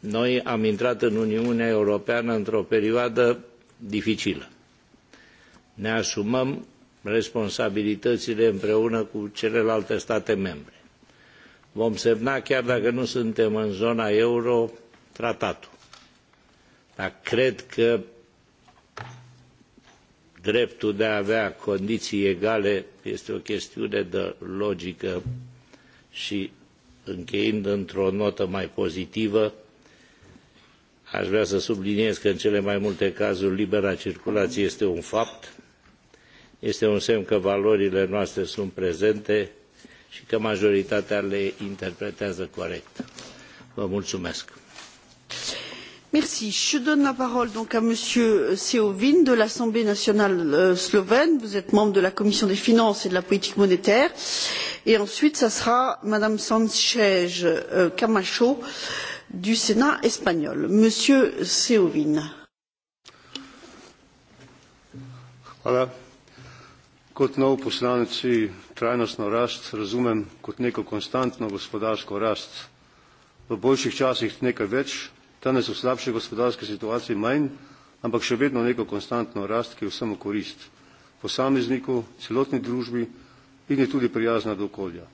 noi am intrat în Uniunea Europeană într-o perioadă dificilă. Ne asumăm responsabilitățile împreună cu celelalte state membre. Vom semna, chiar dacă nu suntem în zona euro, tratatul. Dar cred că dreptul de a avea condiții egale este o chestiune de logică și încheind într-o notă mai pozitivă, aș vrea să subliniez că în cele mai multe cazuri libera circulație este un fapt, este un semn că valorile noastre sunt prezente și că majoritatea le interpretează corect. Vă mulțumesc! Merci. Je donne la parole donc à Monsieur Seovin de l'Assemblée nationale euh, slovène. Vous êtes membre de la Commission des finances et de la politique monétaire. Et ensuite, ce sera Madame Sanchez euh, Camacho du Sénat espagnol. Monsieur Seovin. Kot nov poslanec si trajnostno rast razumem kot neko konstantno gospodarsko rast. V boljših časih nekaj več, Danes v slabši gospodarski situaciji manj, ampak še vedno neko konstantno rast, ki je vsemu v korist, posamezniku, celotni družbi in je tudi prijazna do okolja.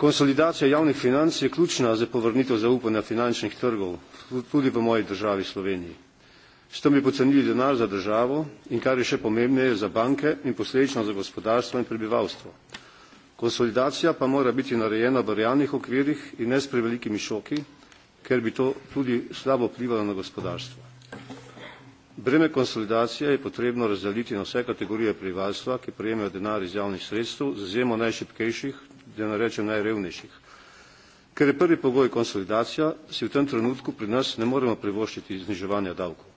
Konsolidacija javnih financ je ključna za povrnitev zaupanja finančnih trgov, tudi v moji državi Sloveniji. S tem bi pocenili denar za državo in, kar je še pomembneje, za banke in posledično za gospodarstvo in prebivalstvo. Konsolidacija pa mora biti narejena v realnih okvirih in ne s prevelikimi šoki, ker bi to tudi slabo vplivalo na gospodarstvo. Breme konsolidacije je potrebno razdeliti na vse kategorije prebivalstva, ki prejemajo denar iz javnih sredstev, z izjemo najšipkejših, da ne rečem najrevnejših. Ker je prvi pogoj konsolidacija, si v tem trenutku pri nas ne moremo privoščiti zniževanja davkov.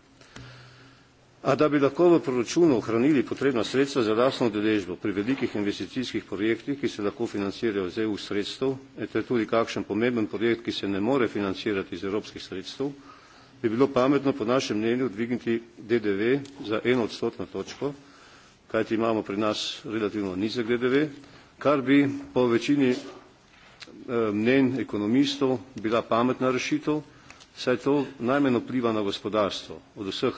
A da bi lahko v proračunu ohranili potrebna sredstva za lastno deležbo pri velikih investicijskih projektih, ki se lahko financirajo z EU sredstev, e, ter tudi kakšen pomemben projekt, ki se ne more financirati iz evropskih sredstev, bi bilo pametno po našem mnenju dvigniti DDV za eno odstotno točko, kajti imamo pri nas relativno nizek DDV, kar bi po večini e, mnen ekonomistov bila pametna rešitev, saj to najmanj vpliva na gospodarstvo od vseh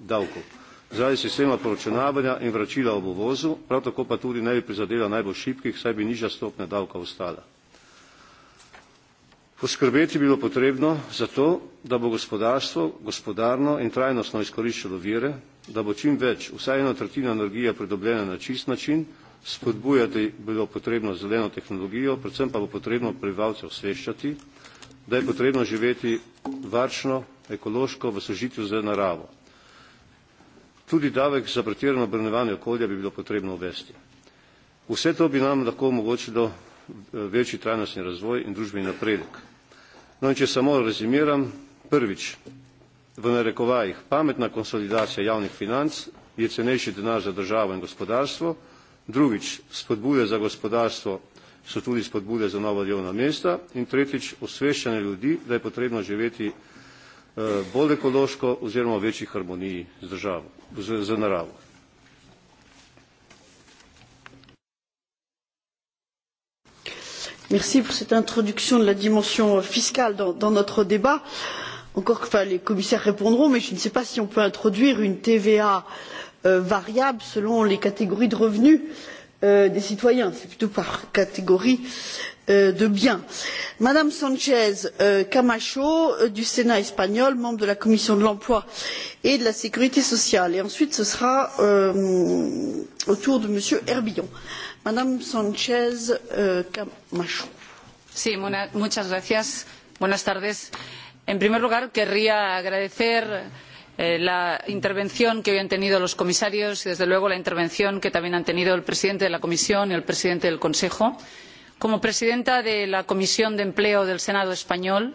davkov zaradi sistema poročunavanja in vračila ob uvozu, prav tako pa tudi ne bi prizadela najbolj šibkih, saj bi nižja stopnja davka ostala. Poskrbeti bilo potrebno za to, da bo gospodarstvo gospodarno in trajnostno izkoriščalo vire, da bo čim več, vsaj ena tretjina energije pridobljena na čist način, spodbujati bilo potrebno zeleno tehnologijo, predvsem pa bo potrebno prebivalce osveščati, da je potrebno živeti varčno, ekološko v sožitju z naravo. Tudi davek za pretirano obrnevanje okolja bi bilo potrebno uvesti. Vse to bi nam lahko omogočilo eh, večji trajnostni razvoj in družbeni napredek. No in če samo rezimiram, prvič, v narekovajih, pametna konsolidacija javnih financ je cenejši denar za državo in gospodarstvo, drugič, spodbude za gospodarstvo so tudi spodbude za nova delovna mesta in tretjič, osveščanje ljudi, da je potrebno živeti E, bolj ekološko oziroma v večji harmoniji z državo, z, z naravo. Merci pour cette introduction de la dimension fiscale dans, dans notre débat. Encore que enfin, les commissaires répondront, mais je ne sais pas si on peut introduire une TVA euh, variable selon les catégories de revenus. Euh, euh, des citoyens, c'est plutôt par catégorie euh, de biens. Madame Sanchez euh, Camacho euh, du Sénat espagnol, membre de la commission de l'emploi et de la sécurité sociale. Et ensuite, ce sera euh, au tour de Monsieur Herbillon. Madame Sanchez euh, Camacho. Sí, buena, muchas gracias. Buenas tardes. En primer lugar, querría agradecer Eh, la intervención que hoy han tenido los comisarios y, desde luego, la intervención que también han tenido el presidente de la Comisión y el presidente del Consejo. Como presidenta de la Comisión de Empleo del Senado español,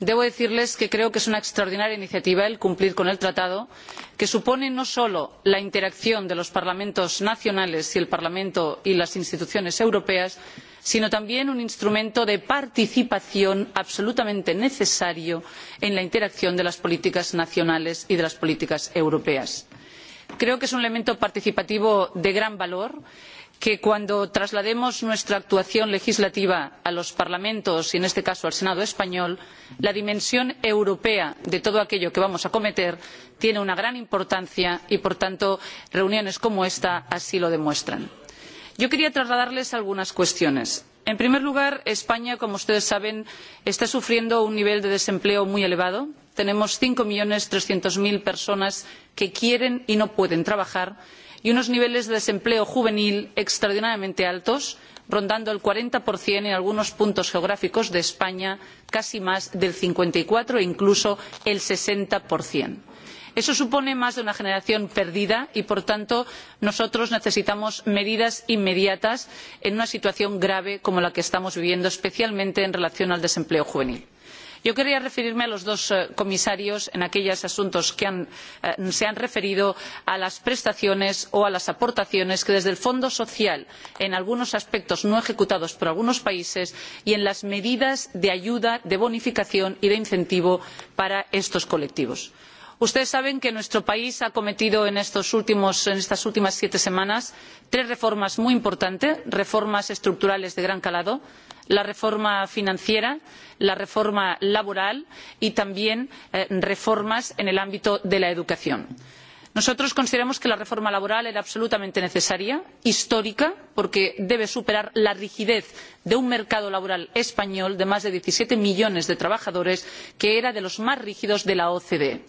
debo decirles que creo que es una extraordinaria iniciativa el cumplir con el tratado que supone no solo la interacción de los parlamentos nacionales y el parlamento y las instituciones europeas sino sino también un instrumento de participación absolutamente necesario en la interacción de las políticas nacionales y de las políticas europeas. Creo que es un elemento participativo de gran valor que cuando traslademos nuestra actuación legislativa a los parlamentos y en este caso al Senado español, la dimensión europea de todo aquello que vamos a acometer tiene una gran importancia y, por tanto, reuniones como esta así lo demuestran. Yo quería trasladarles algunas cuestiones. En primer lugar, España, como ustedes saben, está sufriendo un nivel de desempleo muy elevado. Tenemos cinco millones trescientos 300.000 personas que quieren y no pueden trabajar y unos niveles de desempleo juvenil extraordinariamente altos, rondando el cuarenta en algunos puntos geográficos de España, casi más del cincuenta y cuatro e incluso el sesenta por cien Eso supone más de una generación perdida y, por tanto, nosotros necesitamos medidas inmediatas en una situación grave como la que estamos viviendo, especialmente en relación al desempleo juvenil. Yo quería referirme a los dos eh, comisarios en aquellos asuntos que han, eh, se han referido a las prestaciones o a las aportaciones que desde el Fondo Social, en algunos aspectos no ejecutados por algunos países, y en las medidas de ayuda, de bonificación y de incentivo para estos colectivos. Ustedes saben que nuestro país ha cometido en, últimos, en estas últimas siete semanas tres reformas muy importantes, reformas estructurales de gran calado, la reforma financiera, la reforma laboral y también eh, reformas en el ámbito de la educación. Nosotros consideramos que la reforma laboral era absolutamente necesaria, histórica, porque debe superar la rigidez de un mercado laboral español de más de diecisiete millones de trabajadores, que era de los más rígidos de la OCDE.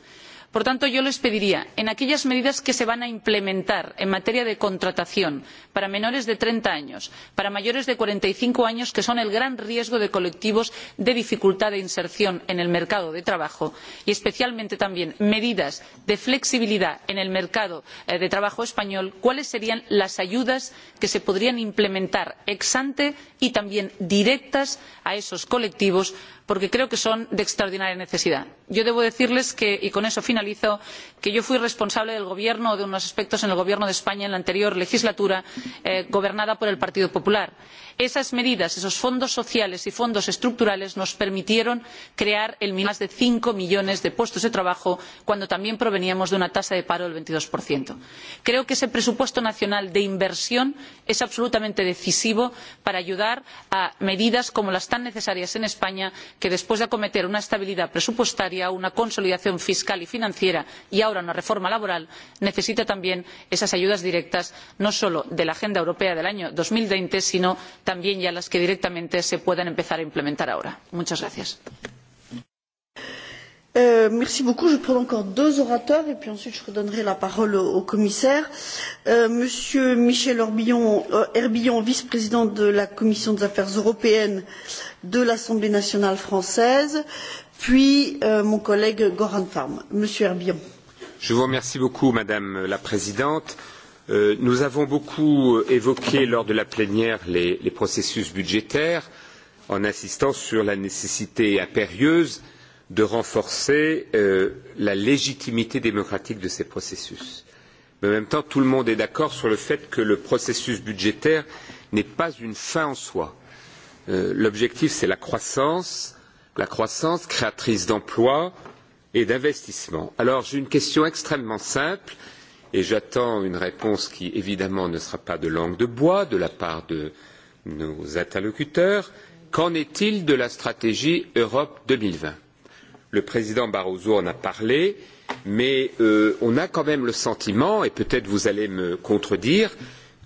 Por tanto, yo les pediría, en aquellas medidas que se van a implementar en materia de contratación para menores de treinta años, para mayores de cuarenta y cinco años, que son el gran riesgo de colectivos de dificultad de inserción en el mercado de trabajo, y especialmente también medidas de flexibilidad en el mercado eh, de trabajo español, cuáles serían las ayudas que se podrían implementar ex ante y también directas a esos colectivos porque creo que son de extraordinaria necesidad. Yo debo decirles que, y con eso finalizo, que yo fui responsable del gobierno o de unos aspectos en el gobierno de España en la anterior legislatura eh, gobernada por el Partido Popular. Esas medidas, esos fondos sociales y fondos estructurales nos permitieron crear más de cinco millones de puestos de trabajo cuando también proveníamos de una tasa de paro del veintidós. Creo que ese presupuesto nacional de inversión es absolutamente decisivo para ayudar a medidas como las tan necesarias en España que después de acometer una estabilidad presupuestaria, una consolidación fiscal y financiera y ahora una reforma laboral, necesita también esas ayudas directas, no solo de la Agenda Europea del año dos mil veinte, sino también ya las que directamente se puedan empezar a implementar ahora. Muchas gracias. Euh, merci beaucoup. Je prends encore deux orateurs et puis ensuite je redonnerai la parole au, au commissaire. Euh, Monsieur Michel Herbillon, euh, Herbillon vice-président de la Commission des affaires européennes de l'Assemblée nationale française, puis euh, mon collègue Goran Farm. Monsieur Herbillon. Je vous remercie beaucoup, Madame la Présidente. Euh, nous avons beaucoup évoqué lors de la plénière les, les processus budgétaires en insistant sur la nécessité impérieuse euh, de renforcer euh, la légitimité démocratique de ces processus. Mais en même temps, tout le monde est d'accord sur le fait que le processus budgétaire n'est pas une fin en soi. Euh, L'objectif, c'est la croissance, la croissance créatrice d'emplois et d'investissements. Alors, j'ai une question extrêmement simple et j'attends une réponse qui, évidemment, ne sera pas de langue de bois de la part de nos interlocuteurs. Qu'en est-il de la stratégie Europe deux mille vingt le président Barroso en a parlé, mais euh, on a quand même le sentiment, et peut-être vous allez me contredire,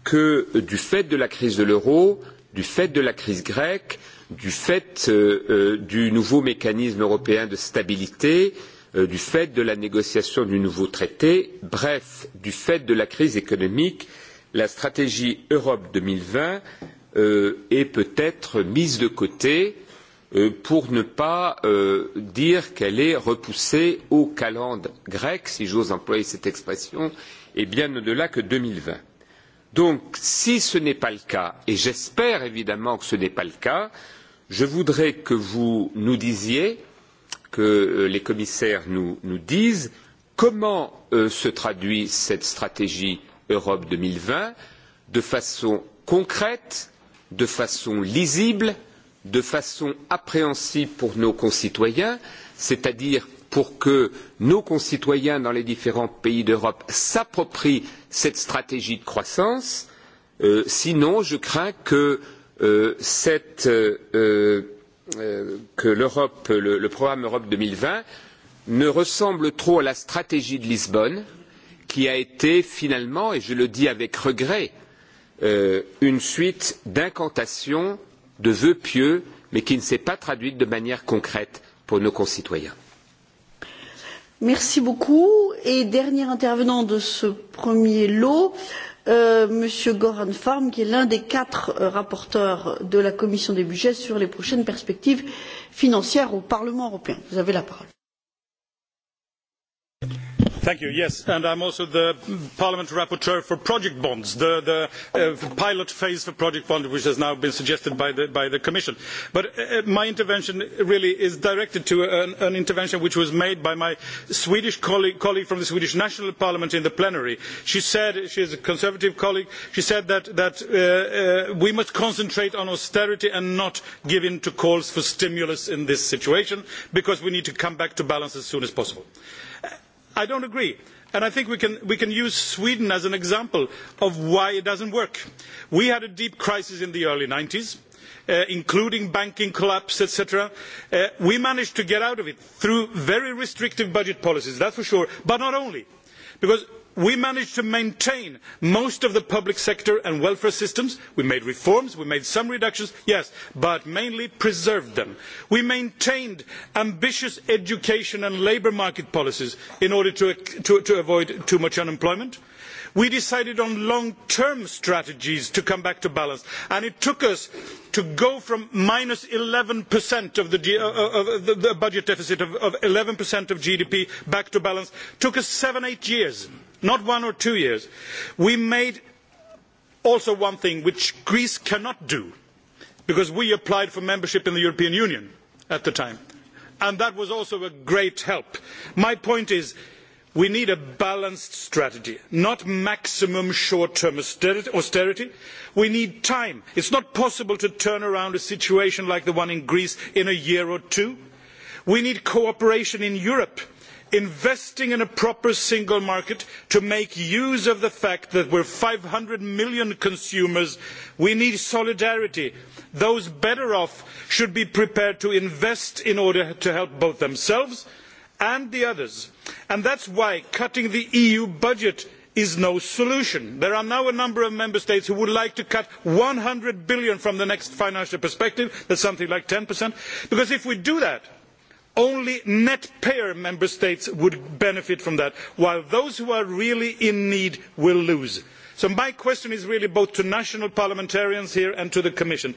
que euh, du fait de la crise de l'euro, du fait de la crise grecque, du fait euh, euh, du nouveau mécanisme européen de stabilité, euh, du fait de la négociation du nouveau traité, bref, du fait de la crise économique, la stratégie Europe deux mille vingt euh, est peut-être mise de côté Euh, pour ne pas euh, dire qu'elle est repoussée aux calendes grecques, si j'ose employer cette expression, et bien au-delà que deux mille vingt. Donc, si ce n'est pas le cas, et j'espère évidemment que ce n'est pas le cas, je voudrais que vous nous disiez, que euh, les commissaires nous, nous disent, comment euh, se traduit cette stratégie Europe deux mille vingt de façon concrète, de façon lisible, de façon appréhensible pour nos concitoyens, c'est-à-dire pour que nos concitoyens dans les différents pays d'Europe s'approprient cette stratégie de croissance. Euh, sinon, je crains que, euh, euh, euh, que l'Europe, le, le programme Europe deux mille vingt ne ressemble trop à la stratégie de Lisbonne, qui a été finalement, et je le dis avec regret, euh, une suite d'incantations de vœux pieux, mais qui ne s'est pas traduite de manière concrète pour nos concitoyens. Merci beaucoup. Et dernier intervenant de ce premier lot, euh, Monsieur Goran Farm, qui est l'un des quatre euh, rapporteurs de la Commission des budgets sur les prochaines perspectives financières au Parlement européen. Vous avez la parole. Thank you. Yes, and I'm also the Parliament Rapporteur for project bonds, the, the uh, pilot phase for project bonds, which has now been suggested by the, by the Commission. But uh, uh, my intervention really is directed to an, an intervention which was made by my Swedish colleague, colleague from the Swedish National Parliament in the plenary. She said, she is a Conservative colleague, she said that, that uh, uh, we must concentrate on austerity and not give in to calls for stimulus in this situation because we need to come back to balance as soon as possible. I don't agree. And I think we can, we can use Sweden as an example of why it doesn't work. We had a deep crisis in the early 90s. Uh, including banking collapse, etc. Uh, we managed to get out of it through very restrictive budget policies, that is for sure, but not only. Because we managed to maintain most of the public sector and welfare systems. We made reforms, we made some reductions, yes, but mainly preserved them. We maintained ambitious education and labour market policies in order to, to, to avoid too much unemployment. We decided on long-term strategies to come back to balance, and it took us to go from minus 11% of the, uh, uh, of the budget deficit of, of 11% of GDP back to balance. It Took us seven, eight years. Mm not one or two years. We made also one thing which Greece cannot do because we applied for membership in the European Union at the time. And that was also a great help. My point is we need a balanced strategy, not maximum short-term austerity. We need time. It is not possible to turn around a situation like the one in Greece in a year or two. We need cooperation in Europe investing in a proper single market to make use of the fact that we are five hundred million consumers. We need solidarity. Those better off should be prepared to invest in order to help both themselves and the others. And that is why cutting the EU budget is no solution. There are now a number of member states who would like to cut EUR one hundred billion from the next financial perspective, that is something like 10%, because if we do that, Only net payer member states would benefit from that, while those who are really in need will lose. So my question is really both to national parliamentarians here and to the Commission.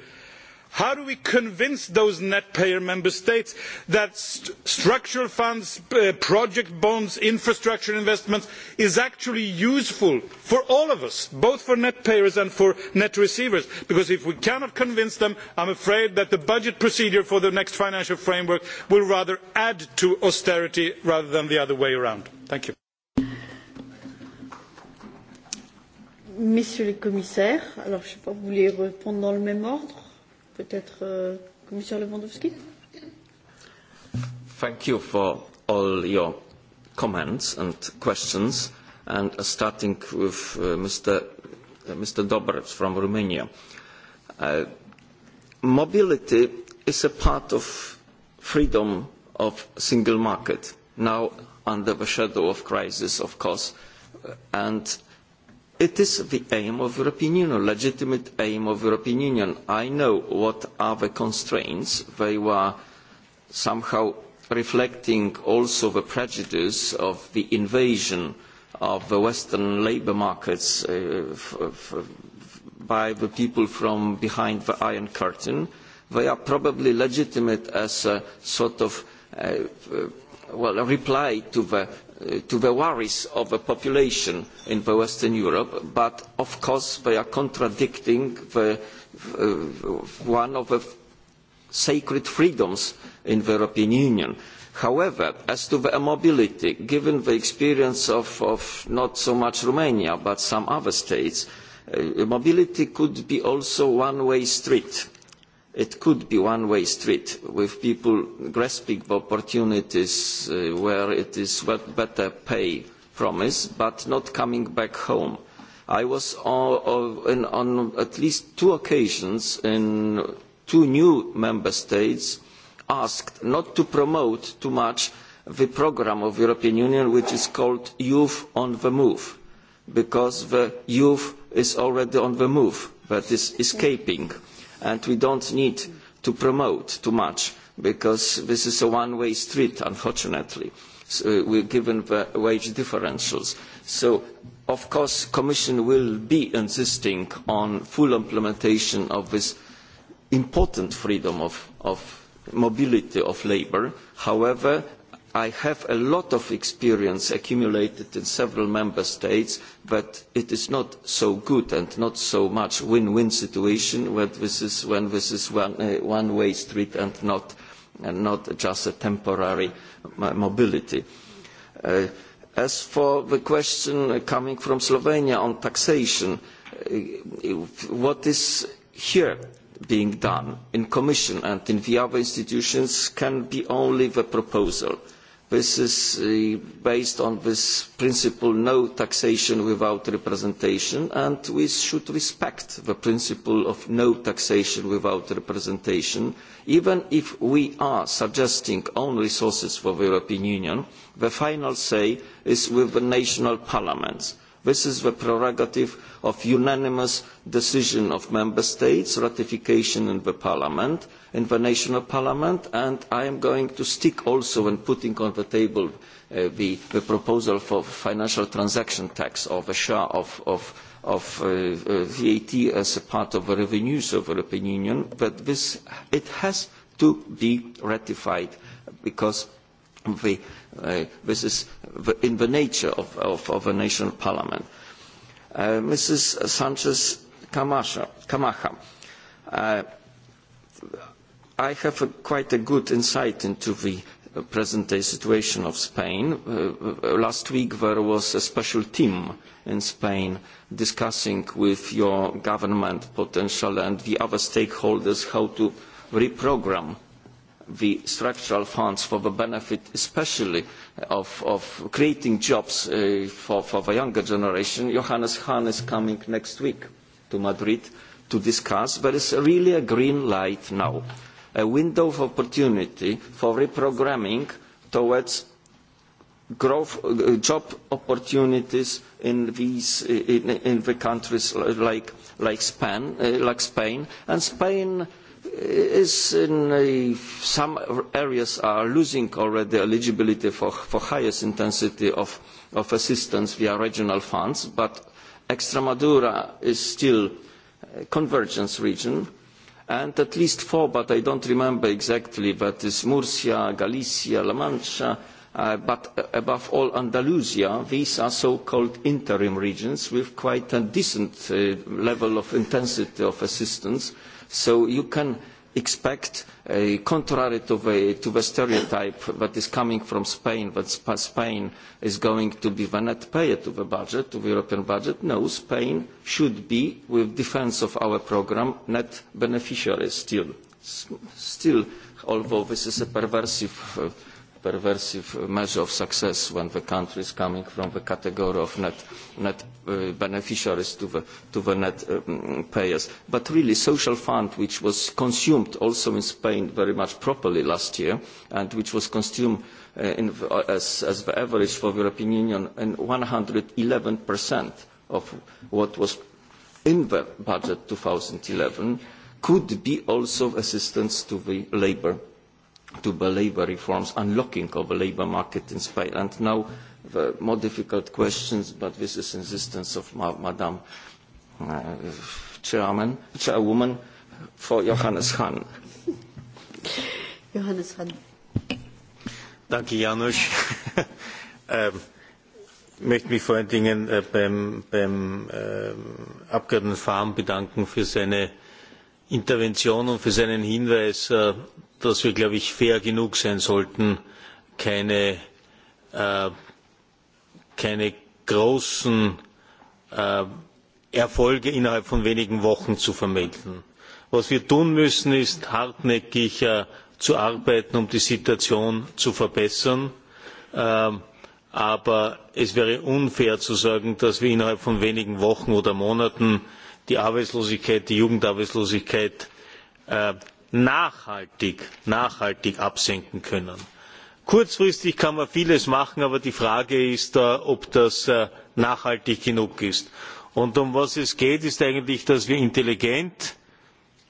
How do we convince those net payer member states that st structural funds, uh, project bonds, infrastructure investments is actually useful for all of us, both for net payers and for net receivers? Because if we cannot convince them, I am afraid that the budget procedure for the next financial framework will rather add to austerity rather than the other way around. Thank you. Monsieur le commissaire, alors je ne sais pas, vous voulez répondre dans le même ordre Peut-être euh, Commissaire Lewandowski Thank you for all your comments and questions, and uh, starting with uh, Mr. Uh, Mr. Dobrev from Romania. Uh, mobility is a part of freedom of single market, now under the shadow of crisis, of course, uh, and It is the aim of the European Union, legitimate aim of the European Union. I know what are the constraints. They were somehow reflecting also the prejudice of the invasion of the Western labour markets uh, by the people from behind the Iron Curtain. They are probably legitimate as a sort of uh, uh well, a reply to the to the worries of the population in Western Europe, but of course they are contradicting the, uh, one of the sacred freedoms in the European Union. However, as to the mobility, given the experience of, of not so much Romania, but some other states, uh, mobility could be also a one-way street it could be a one-way street with people grasping the opportunities uh, where it is better pay promise but not coming back home. I was on, on at least two occasions in two new member states asked not to promote too much the programme of the European Union which is called Youth on the Move because the youth is already on the move that is escaping and we do not need to promote too much because this is a one-way street, unfortunately. So uh, we're given the wage differentials. So, of course, the Commission will be insisting on full implementation of this important freedom of, of mobility of labour. However, I have a lot of experience accumulated in several member states, but it is not so good and not so much win-win situation when this is, when this is one, uh, one way street and not, and not just a temporary uh, mobility. Uh, as for the question coming from Slovenia on taxation, uh, what is here being done in the Commission and in the other institutions can be only the proposal This is uh, based on this principle no taxation without representation and we should respect the principle of no taxation without representation even if we are suggesting own resources for the European Union the final say is with the national parliaments This is the prerogative of unanimous decision of member states, ratification in the parliament, in the national parliament, and I am going to stick also in putting on the table uh, the, the, proposal for financial transaction tax or the share of, of, of uh, uh, VAT as a part of the revenues of the European Union, but this, it has to be ratified because the Uh, this is in the nature of, of, of a national parliament. Uh, Mrs. Sanchez Camacha, uh, I have a, quite a good insight into the uh, present day situation of Spain. Uh, uh, last week there was a special team in Spain discussing with your government potential and the other stakeholders how to reprogram the structural funds for the benefit especially of, of creating jobs uh, for, for the younger generation. Johannes Hahn is coming next week to Madrid to discuss. There is really a green light now, a window of opportunity for reprogramming towards growth, uh, job opportunities in, these, in, in the countries like, like, Spain, uh, like Spain. And Spain is in a, uh, some areas are losing already eligibility for, for highest intensity of, of assistance via regional funds, but Extremadura is still a convergence region, and at least four, but I don't remember exactly, but is Murcia, Galicia, La Mancha, uh, but above all Andalusia, these are so-called interim regions with quite a decent uh, level of intensity of assistance. So you can expect, contrary to the, to the stereotype that is coming from Spain, that Spain is going to be the net payer to the budget, to the European budget. No, Spain should be, with defence of our programme, net beneficiary still. still, although this is a perversive uh, perversive measure of success when the country is coming from the category of net, net uh, beneficiaries to the, to the net um, payers. But really, social fund, which was consumed also in Spain very much properly last year, and which was consumed uh, in, uh, as, as the average for the European Union in 111% of what was in the budget 2011, could be also assistance to the labour to the labour reforms, unlocking of the labour market in Spain. And now the more difficult questions, but this is insistence of ma uh, Chairman, Chairwoman, for Johannes Hahn. *laughs* Johannes Hahn. Danke, Janusz. ich *laughs* ehm, möchte mich vor allen Dingen äh, beim, beim äh, Abgeordneten Farm bedanken für seine Intervention und für seinen Hinweis äh, dass wir, glaube ich, fair genug sein sollten, keine, äh, keine großen äh, Erfolge innerhalb von wenigen Wochen zu vermelden. Was wir tun müssen, ist hartnäckig äh, zu arbeiten, um die Situation zu verbessern. Ähm, aber es wäre unfair zu sagen, dass wir innerhalb von wenigen Wochen oder Monaten die Arbeitslosigkeit, die Jugendarbeitslosigkeit äh, nachhaltig, nachhaltig absenken können. Kurzfristig kann man vieles machen, aber die Frage ist, äh, ob das äh, nachhaltig genug ist. Und um was es geht, ist eigentlich, dass wir intelligent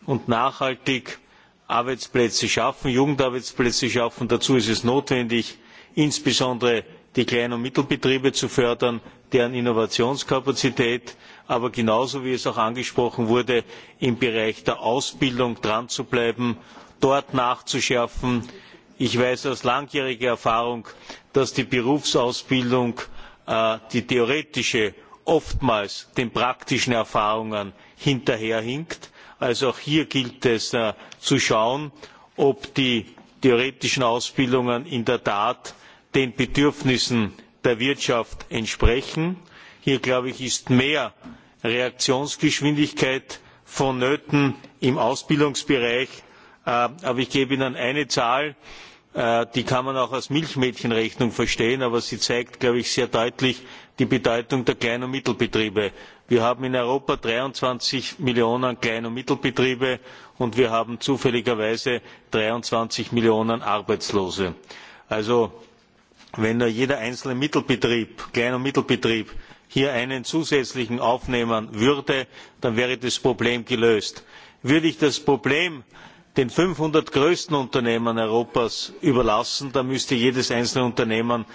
und nachhaltig Arbeitsplätze schaffen, Jugendarbeitsplätze schaffen. Dazu ist es notwendig, insbesondere die Klein- und Mittelbetriebe zu fördern, deren Innovationskapazität aber genauso wie es auch angesprochen wurde, im Bereich der Ausbildung dran zu bleiben, dort nachzuschärfen. Ich weiß aus langjähriger Erfahrung, dass die Berufsausbildung, äh, die theoretische, oftmals den praktischen Erfahrungen hinterherhinkt. Also auch hier gilt es äh, zu schauen, ob die theoretischen Ausbildungen in der Tat den Bedürfnissen der Wirtschaft entsprechen Hier, glaube ich, ist mehr Reaktionsgeschwindigkeit vonnöten im Ausbildungsbereich. Äh, aber ich gebe Ihnen eine Zahl, äh, die kann man auch als Milchmädchenrechnung verstehen, aber sie zeigt, glaube ich, sehr deutlich die Bedeutung der Klein- und Mittelbetriebe. Wir haben in Europa dreiundzwanzig Millionen Klein- und Mittelbetriebe und wir haben zufälligerweise dreiundzwanzig Millionen Arbeitslose. Also, wenn nur jeder einzelne Mittelbetrieb, Klein- und Mittelbetrieb hier einen zusätzlichen aufnehmen würde, dann wäre das Problem gelöst. Würde ich das Problem den fünfhundert größten Unternehmen Europas überlassen, dann müsste jedes einzelne Unternehmen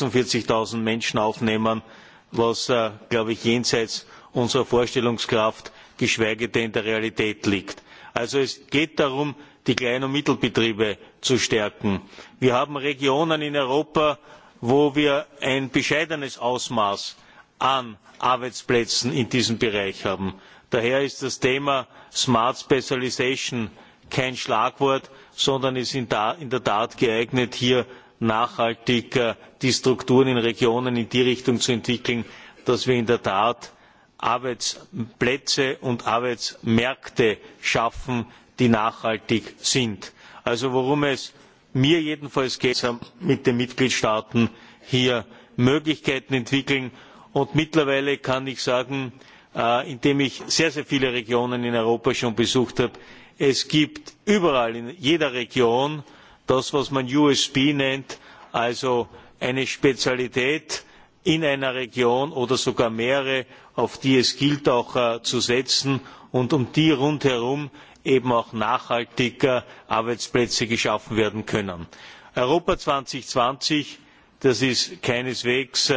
null Menschen aufnehmen, was, äh, glaube ich, jenseits unserer Vorstellungskraft, geschweige denn der Realität liegt. Also es geht darum, die Klein- und Mittelbetriebe zu stärken. Wir haben Regionen in Europa, wo wir ein bescheidenes Ausmaß an Arbeitsplätzen in diesem Bereich haben. Daher ist das Thema Smart Specialization kein Schlagwort, sondern ist in, der Tat geeignet, hier nachhaltig äh, die Strukturen in Regionen in die Richtung zu entwickeln, dass wir in der Tat Arbeitsplätze und Arbeitsmärkte schaffen, die nachhaltig sind. Also worum es mir jedenfalls geht, äh, mit den Mitgliedstaaten hier Möglichkeiten entwickeln, Und mittlerweile kann ich sagen, äh, indem ich sehr, sehr viele Regionen in Europa schon besucht habe, es gibt überall in jeder Region das, was man USP nennt, also eine Spezialität in einer Region oder sogar mehrere, auf die es gilt auch äh, zu setzen und um die rundherum eben auch nachhaltig äh, Arbeitsplätze geschaffen werden können. Europa 2020, das ist keineswegs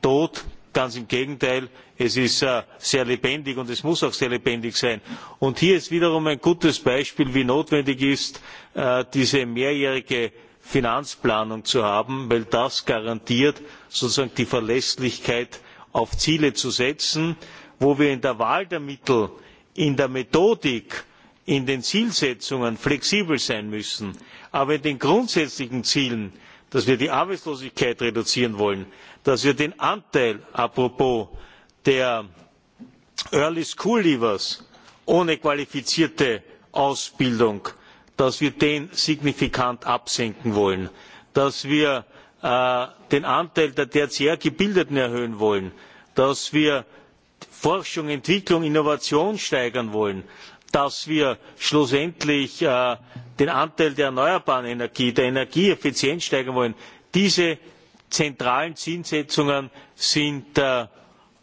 tot, Ganz im Gegenteil, es ist äh, sehr lebendig und es muss auch sehr lebendig sein. Und hier ist wiederum ein gutes Beispiel, wie notwendig ist, äh, diese mehrjährige Finanzplanung zu haben, weil das garantiert sozusagen die Verlässlichkeit auf Ziele zu setzen, wo wir in der Wahl der Mittel, in der Methodik, in den Zielsetzungen flexibel sein müssen. Aber in den grundsätzlichen Zielen dass wir die Arbeitslosigkeit reduzieren wollen, dass wir den Anteil, apropos der Early School Leavers ohne qualifizierte Ausbildung, dass wir den signifikant absenken wollen, dass wir äh, den Anteil der tertiär Gebildeten erhöhen wollen, dass wir Forschung, Entwicklung, Innovation steigern wollen, dass wir schlussendlich äh, den Anteil der erneuerbaren Energie, der Energieeffizienz steigern wollen, diese zentralen Zielsetzungen sind äh,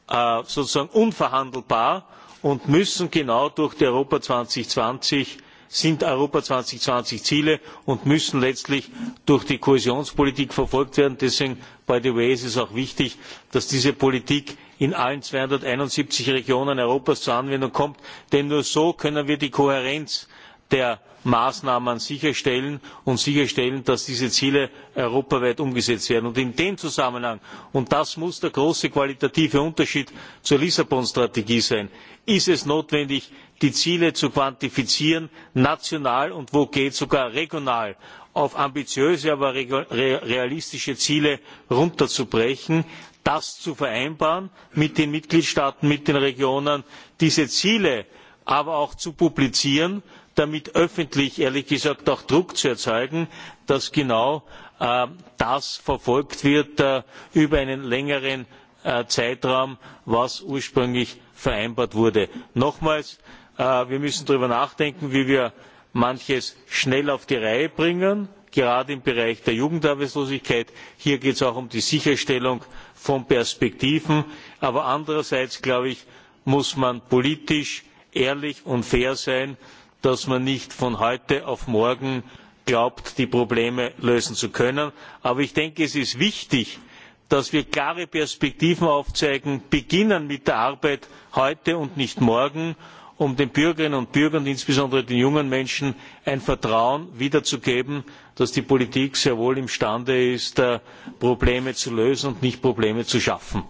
äh, sozusagen unverhandelbar und müssen genau durch die Europa 2020 sind Europa 2020 Ziele und müssen letztlich durch die Kohäsionspolitik verfolgt werden. Deswegen, by the way, ist es auch wichtig, dass diese Politik in allen 271 Regionen Europas zur Anwendung kommt, denn nur so können wir die Kohärenz der Maßnahmen sicherstellen und sicherstellen, dass diese Ziele europaweit umgesetzt werden. Und in dem Zusammenhang, und das muss der große qualitative Unterschied zur Lissabon-Strategie sein, ist es notwendig, die Ziele zu quantifizieren, national und wo geht sogar regional, auf ambitiöse, aber realistische Ziele runterzubrechen, das zu vereinbaren mit den Mitgliedstaaten, mit den Regionen, diese Ziele aber auch zu publizieren, damit öffentlich ehrlich gesagt auch Druck zu erzeugen, dass genau äh, das verfolgt wird äh, über einen längeren äh, Zeitraum, was ursprünglich vereinbart wurde. Nochmals, äh, wir müssen darüber nachdenken, wie wir manches schnell auf die Reihe bringen, gerade im Bereich der Jugendarbeitslosigkeit. Hier geht es auch um die Sicherstellung von Perspektiven. Aber andererseits, glaube ich, muss man politisch ehrlich und fair sein dass man nicht von heute auf morgen glaubt, die Probleme lösen zu können. Aber ich denke, es ist wichtig, dass wir klare Perspektiven aufzeigen, beginnen mit der Arbeit heute und nicht morgen, um den Bürgerinnen und Bürgern, insbesondere den jungen Menschen, ein Vertrauen wiederzugeben, dass die Politik sehr wohl imstande ist, äh, Probleme zu lösen und nicht Probleme zu schaffen.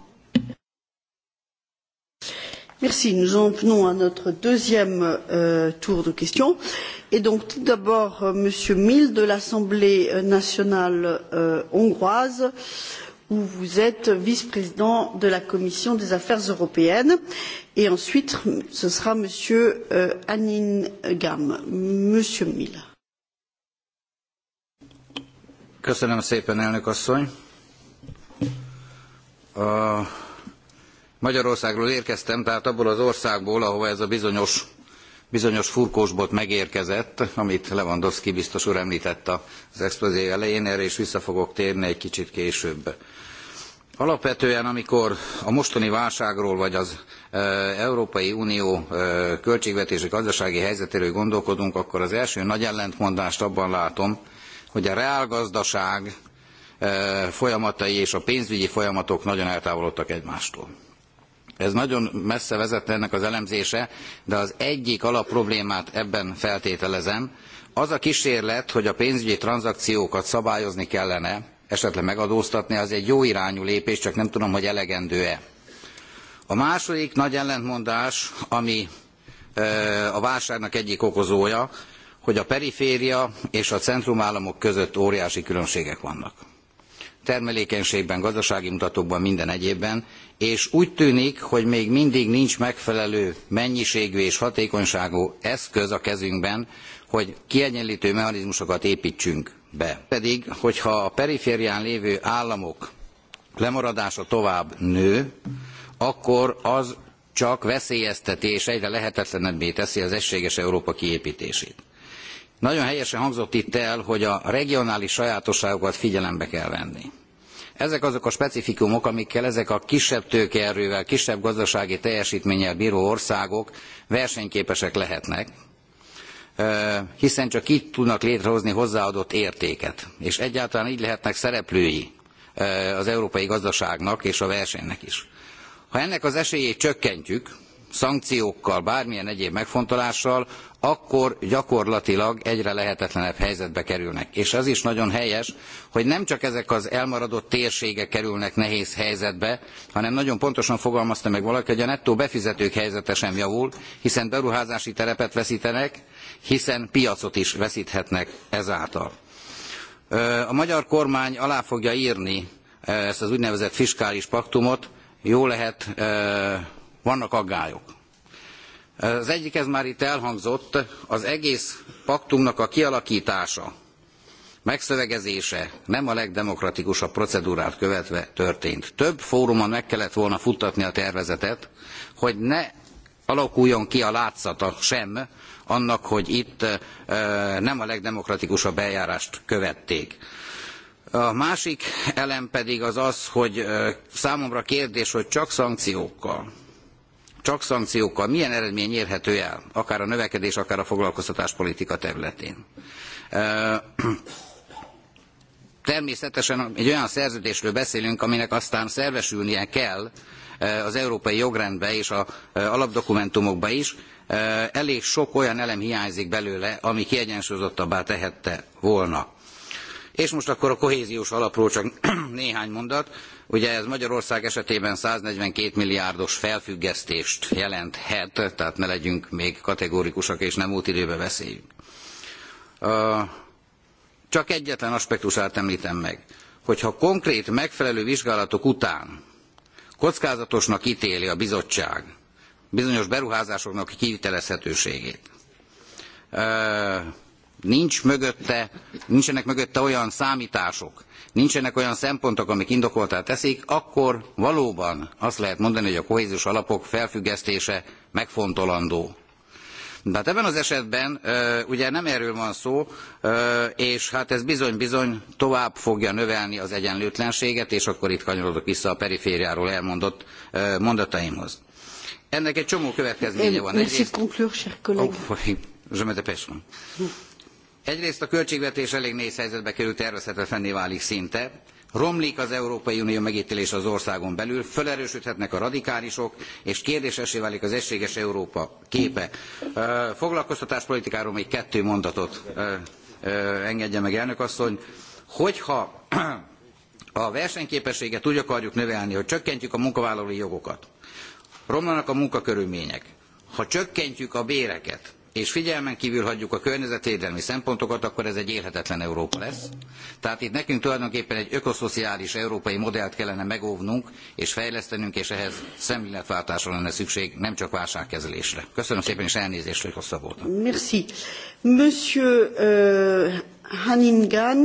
Merci. Nous en venons à notre deuxième euh, tour de questions. Et donc, tout d'abord, euh, Monsieur Mill de l'Assemblée euh, nationale euh, hongroise, où vous êtes vice-président de la Commission des affaires européennes. Et ensuite, ce sera Monsieur euh, Anin Gam. Monsieur Mill. Köszönöm szépen, elnök asszony. Uh... Magyarországról érkeztem, tehát abból az országból, ahova ez a bizonyos, bizonyos furkósbot megérkezett, amit Lewandowski biztos úr említett az expozé elején, erre is vissza fogok térni egy kicsit később. Alapvetően, amikor a mostani válságról vagy az e, Európai Unió e, költségvetési gazdasági helyzetéről gondolkodunk, akkor az első nagy ellentmondást abban látom, hogy a reálgazdaság e, folyamatai és a pénzügyi folyamatok nagyon eltávolodtak egymástól. Ez nagyon messze vezette ennek az elemzése, de az egyik alapproblémát ebben feltételezem, az a kísérlet, hogy a pénzügyi tranzakciókat szabályozni kellene, esetleg megadóztatni, az egy jó irányú lépés, csak nem tudom, hogy elegendő-e. A második nagy ellentmondás, ami a válságnak egyik okozója, hogy a periféria és a centrumállamok között óriási különbségek vannak termelékenységben, gazdasági mutatókban, minden egyébben, és úgy tűnik, hogy még mindig nincs megfelelő mennyiségű és hatékonyságú eszköz a kezünkben, hogy kiegyenlítő mechanizmusokat építsünk be. Pedig, hogyha a periférián lévő államok lemaradása tovább nő, akkor az csak veszélyezteti és egyre lehetetlenebbé teszi az egységes Európa kiépítését. Nagyon helyesen hangzott itt el, hogy a regionális sajátosságokat figyelembe kell venni. Ezek azok a specifikumok, amikkel ezek a kisebb tőkeerővel, kisebb gazdasági teljesítménnyel bíró országok versenyképesek lehetnek, hiszen csak így tudnak létrehozni hozzáadott értéket, és egyáltalán így lehetnek szereplői az európai gazdaságnak és a versenynek is. Ha ennek az esélyét csökkentjük, szankciókkal, bármilyen egyéb megfontolással, akkor gyakorlatilag egyre lehetetlenebb helyzetbe kerülnek. És az is nagyon helyes, hogy nem csak ezek az elmaradott térségek kerülnek nehéz helyzetbe, hanem nagyon pontosan fogalmazta meg valaki, hogy a nettó befizetők helyzete sem javul, hiszen beruházási terepet veszítenek, hiszen piacot is veszíthetnek ezáltal. A magyar kormány alá fogja írni ezt az úgynevezett fiskális paktumot, jó lehet vannak aggályok. Az egyik, ez már itt elhangzott, az egész paktumnak a kialakítása, megszövegezése nem a legdemokratikusabb procedúrát követve történt. Több fórumon meg kellett volna futtatni a tervezetet, hogy ne alakuljon ki a látszata sem annak, hogy itt nem a legdemokratikusabb eljárást követték. A másik elem pedig az az, hogy számomra kérdés, hogy csak szankciókkal, csak szankciókkal milyen eredmény érhető el, akár a növekedés, akár a foglalkoztatáspolitika területén. Természetesen egy olyan szerződésről beszélünk, aminek aztán szervesülnie kell az európai jogrendbe és az alapdokumentumokba is. Elég sok olyan elem hiányzik belőle, ami kiegyensúlyozottabbá tehette volna. És most akkor a kohéziós alapról csak *clears throat* néhány mondat. Ugye ez Magyarország esetében 142 milliárdos felfüggesztést jelenthet, tehát ne legyünk még kategórikusak és nem útidőbe beszéljünk. Csak egyetlen aspektusát említem meg, hogyha konkrét megfelelő vizsgálatok után kockázatosnak ítéli a bizottság bizonyos beruházásoknak kivitelezhetőségét, nincs mögötte, nincsenek mögötte olyan számítások, nincsenek olyan szempontok, amik indokoltá teszik, akkor valóban azt lehet mondani, hogy a kohézus alapok felfüggesztése megfontolandó. De hát ebben az esetben ugye nem erről van szó, és hát ez bizony-bizony tovább fogja növelni az egyenlőtlenséget, és akkor itt kanyarodok vissza a perifériáról elmondott mondataimhoz. Ennek egy csomó következménye van. Egyrészt... Conclure, *laughs* oh, je me dépêche. Egyrészt a költségvetés elég nehéz helyzetbe kerül, tervezhetetlenné válik szinte. Romlik az Európai Unió megítélés az országon belül, felerősödhetnek a radikálisok, és kérdésesé válik az egységes Európa képe. Foglalkoztatáspolitikáról még kettő mondatot engedje meg elnök asszony. Hogyha a versenyképességet úgy akarjuk növelni, hogy csökkentjük a munkavállalói jogokat, romlanak a munkakörülmények, ha csökkentjük a béreket, és figyelmen kívül hagyjuk a környezetvédelmi szempontokat, akkor ez egy élhetetlen Európa lesz. Tehát itt nekünk tulajdonképpen egy ökoszociális európai modellt kellene megóvnunk és fejlesztenünk, és ehhez szemléletváltásra lenne szükség, nem csak válságkezelésre. Köszönöm szépen, és elnézést, hogy hosszabb voltam. Merci. Monsieur uh, Hanningan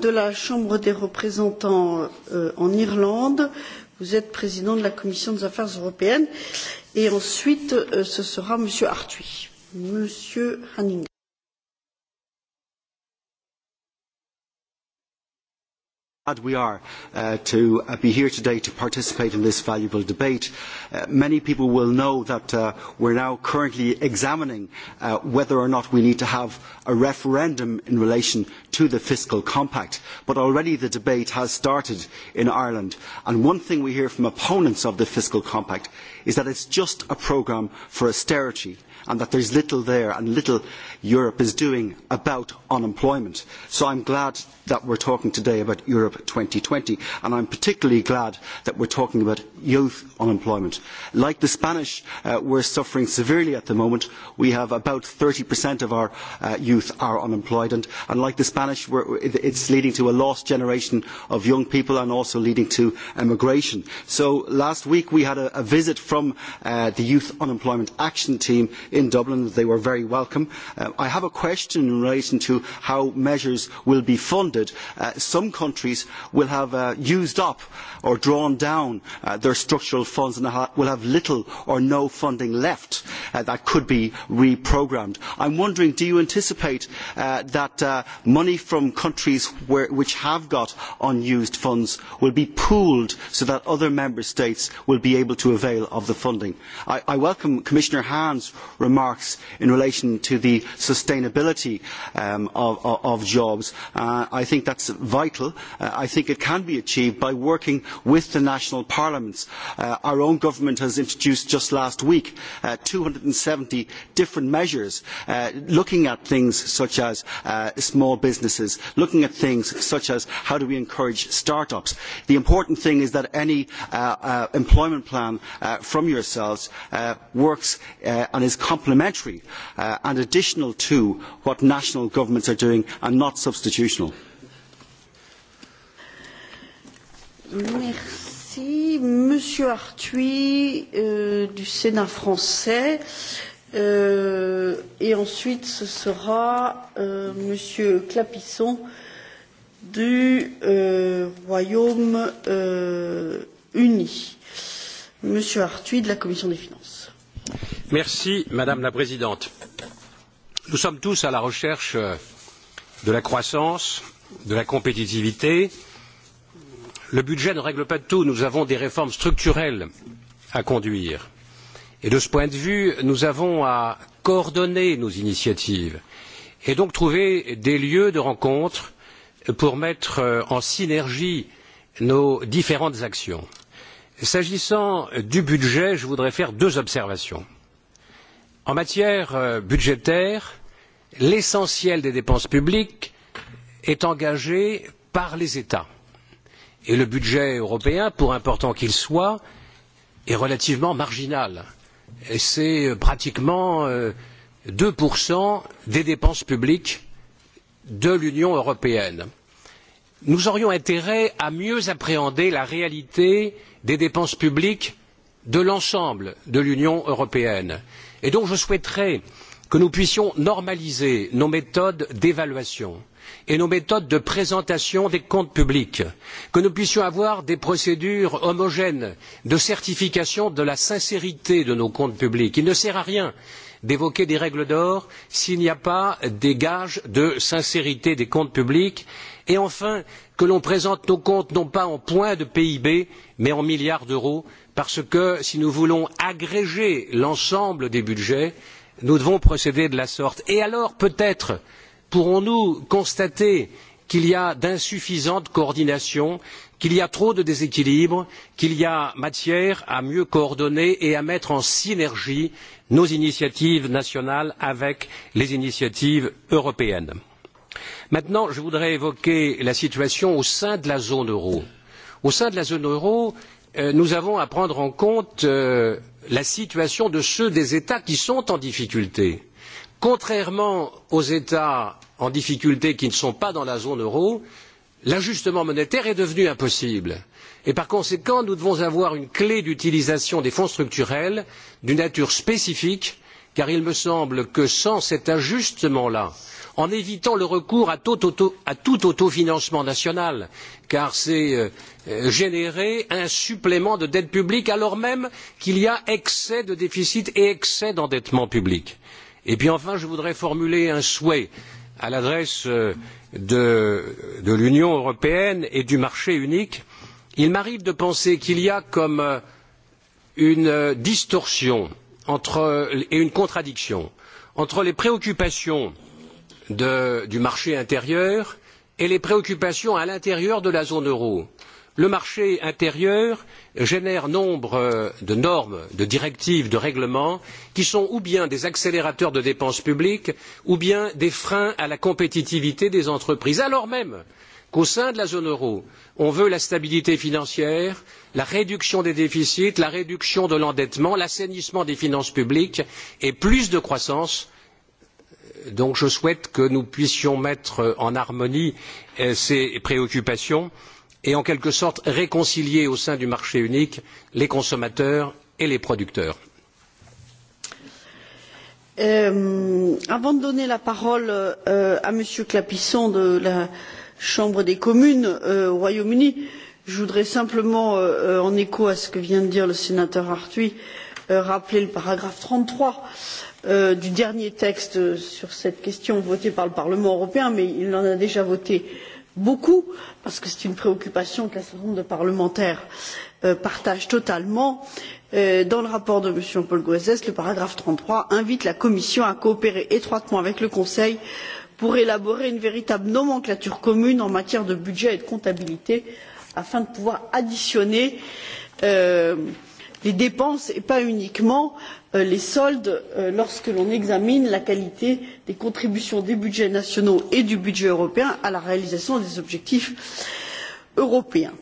de la Chambre des représentants uh, en Irlande, vous êtes président de la Commission des affaires européennes, et ensuite uh, ce sera Monsieur Arthuis. Monsieur Hanning. glad we are uh, to uh, be here today to participate in this valuable debate. Uh, many people will know that uh, we are now currently examining uh, whether or not we need to have a referendum in relation to the fiscal compact. But already the debate has started in Ireland. And one thing we hear from opponents of the fiscal compact is that it is just a programme for austerity and that there is little there and little Europe is doing about unemployment. So I am glad that we are talking today about Europe twenty, and I am particularly glad that we are talking about youth unemployment. Like the Spanish, uh, we are suffering severely at the moment. We have about 30% of our uh, youth are unemployed, and, and like the Spanish, it is leading to a lost generation of young people and also leading to emigration. So last week we had a, a visit from uh, the Youth Unemployment Action Team in Dublin. They were very welcome. Uh, Um, I have a question in relation to how measures will be funded. Uh, some countries will have uh, used up or drawn down uh, their structural funds and will have little or no funding left uh, that could be reprogrammed. I am wondering, do you anticipate uh, that uh, money from countries where, which have got unused funds will be pooled so that other member states will be able to avail of the funding? I, I welcome Commissioner Hahn's remarks in relation to the sustainability um, of, of, jobs. Uh, I think that is vital. Uh, I think it can be achieved by working with the national parliaments. Uh, our own government has introduced just last week uh, two hundred and seventy different measures uh, looking at things such as uh, small businesses, looking at things such as how do we encourage start-ups. The important thing is that any employment plan from yourselves works and is complementary and additional integral to what national governments are doing and not substitutional. Merci. Monsieur euh, du Sénat français. Euh, et ensuite, ce sera euh, Monsieur Clapisson du euh, Royaume euh, Monsieur de la Commission des finances. Merci, Madame la Présidente. Nous sommes tous à la recherche euh, de la croissance, de la compétitivité. Le budget ne règle pas tout. Nous avons des réformes structurelles à conduire. Et de ce point de vue, nous avons à coordonner nos initiatives et donc trouver des lieux de rencontre pour mettre euh, en synergie nos différentes actions. S'agissant du budget, je voudrais faire deux observations. En matière euh, budgétaire, l'essentiel des dépenses publiques est engagé par les États. Et le budget européen, pour important qu'il soit, est relativement marginal. Et c'est euh, pratiquement euh, deux des dépenses publiques de l'Union européenne. Nous aurions intérêt à mieux appréhender la réalité des dépenses publiques de l'ensemble de l'Union européenne. Et donc je souhaiterais que nous puissions normaliser nos méthodes d'évaluation et nos méthodes de présentation des comptes publics, que nous puissions avoir des procédures homogènes de certification de la sincérité de nos comptes publics. Il ne sert à rien d'évoquer des règles d'or s'il n'y a pas des gages de sincérité des comptes publics et enfin que l'on présente nos comptes non pas en points de PIB mais en milliards d'euros parce que si nous voulons agréger l'ensemble des budgets, nous devons procéder de la sorte. Et alors, peut-être, pourrons-nous constater qu'il y a d'insuffisantes coordination, qu'il y a trop de déséquilibres, qu'il y a matière à mieux coordonner et à mettre en synergie nos initiatives nationales avec les initiatives européennes. Maintenant, je voudrais évoquer la situation au sein de la zone euro. Au sein de la zone euro, Euh, nous avons à prendre en compte euh, la situation de ceux des États qui sont en difficulté. Contrairement aux États en difficulté qui ne sont pas dans la zone euro, l'ajustement monétaire est devenu impossible. Et par conséquent, nous devons avoir une clé d'utilisation des fonds structurels d'une nature spécifique, car il me semble que sans cet ajustement-là, en évitant le recours à tout, auto, à tout autofinancement national, car c'est euh, euh, générer un supplément de dette publique alors même qu'il y a excès de déficit et excès d'endettement public. Et puis enfin, je voudrais formuler un souhait à l'adresse euh, de, de l'Union européenne et du marché unique. Il m'arrive de penser qu'il y a comme euh, une distorsion entre, et une contradiction entre les préoccupations de, du marché intérieur et les préoccupations à l'intérieur de la zone euro. Le marché intérieur génère nombre euh, de normes, de directives, de règlements qui sont ou bien des accélérateurs de dépenses publiques ou bien des freins à la compétitivité des entreprises, alors même qu'au sein de la zone euro, on veut la stabilité financière, la réduction des déficits, la réduction de l'endettement, l'assainissement des finances publiques et plus de croissance donc je souhaite que nous puissions mettre euh, en harmonie euh, ces préoccupations et en quelque sorte réconcilier au sein du marché unique les consommateurs et les producteurs. Euh, avant de donner la parole euh, à M. Clapisson de la Chambre des communes euh, au Royaume-Uni, je voudrais simplement, euh, en écho à ce que vient de dire le sénateur Arthuis, rappeler le paragraphe trente trois Euh, du dernier texte sur cette question voté par le Parlement européen, mais il en a déjà voté beaucoup, parce que c'est une préoccupation qu'un certain nombre de parlementaires euh, partagent totalement. Euh, dans le rapport de M. Paul Gauzès, le paragraphe trente trois invite la Commission à coopérer étroitement avec le Conseil pour élaborer une véritable nomenclature commune en matière de budget et de comptabilité afin de pouvoir additionner euh, les dépenses et pas uniquement euh, les soldes euh, lorsque l'on examine la qualité des contributions des budgets nationaux et du budget européen à la réalisation des objectifs européens.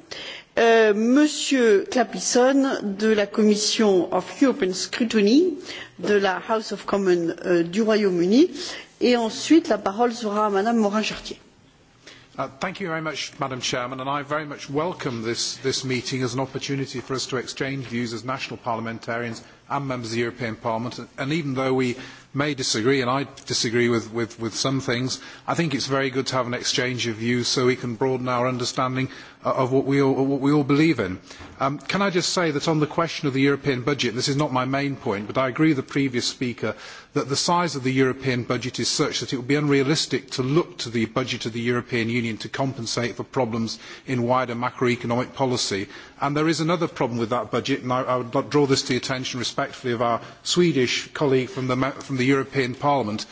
Euh, monsieur Clapison de la Commission of European Scrutiny de la House of Commons euh, du Royaume-Uni et ensuite la parole sera à madame Morin-Chartier. Uh, thank you very much, Madam Chairman, and I very much welcome this, this meeting as an opportunity for us to exchange views as national parliamentarians and members of the European Parliament. And even though we may disagree, and I disagree with, with, with some things, I think it's very good to have an exchange of views so we can broaden our understanding Uh, of what we all, what we all believe in. Um, can I just say that on the question of the European budget, and this is not my main point, but I agree with the previous speaker that the size of the European budget is such that it would be unrealistic to look to the budget of the European Union to compensate for problems in wider macroeconomic policy. And there is another problem with that budget, and I, I would draw this to the attention respectfully of our Swedish colleague from the, from the European Parliament.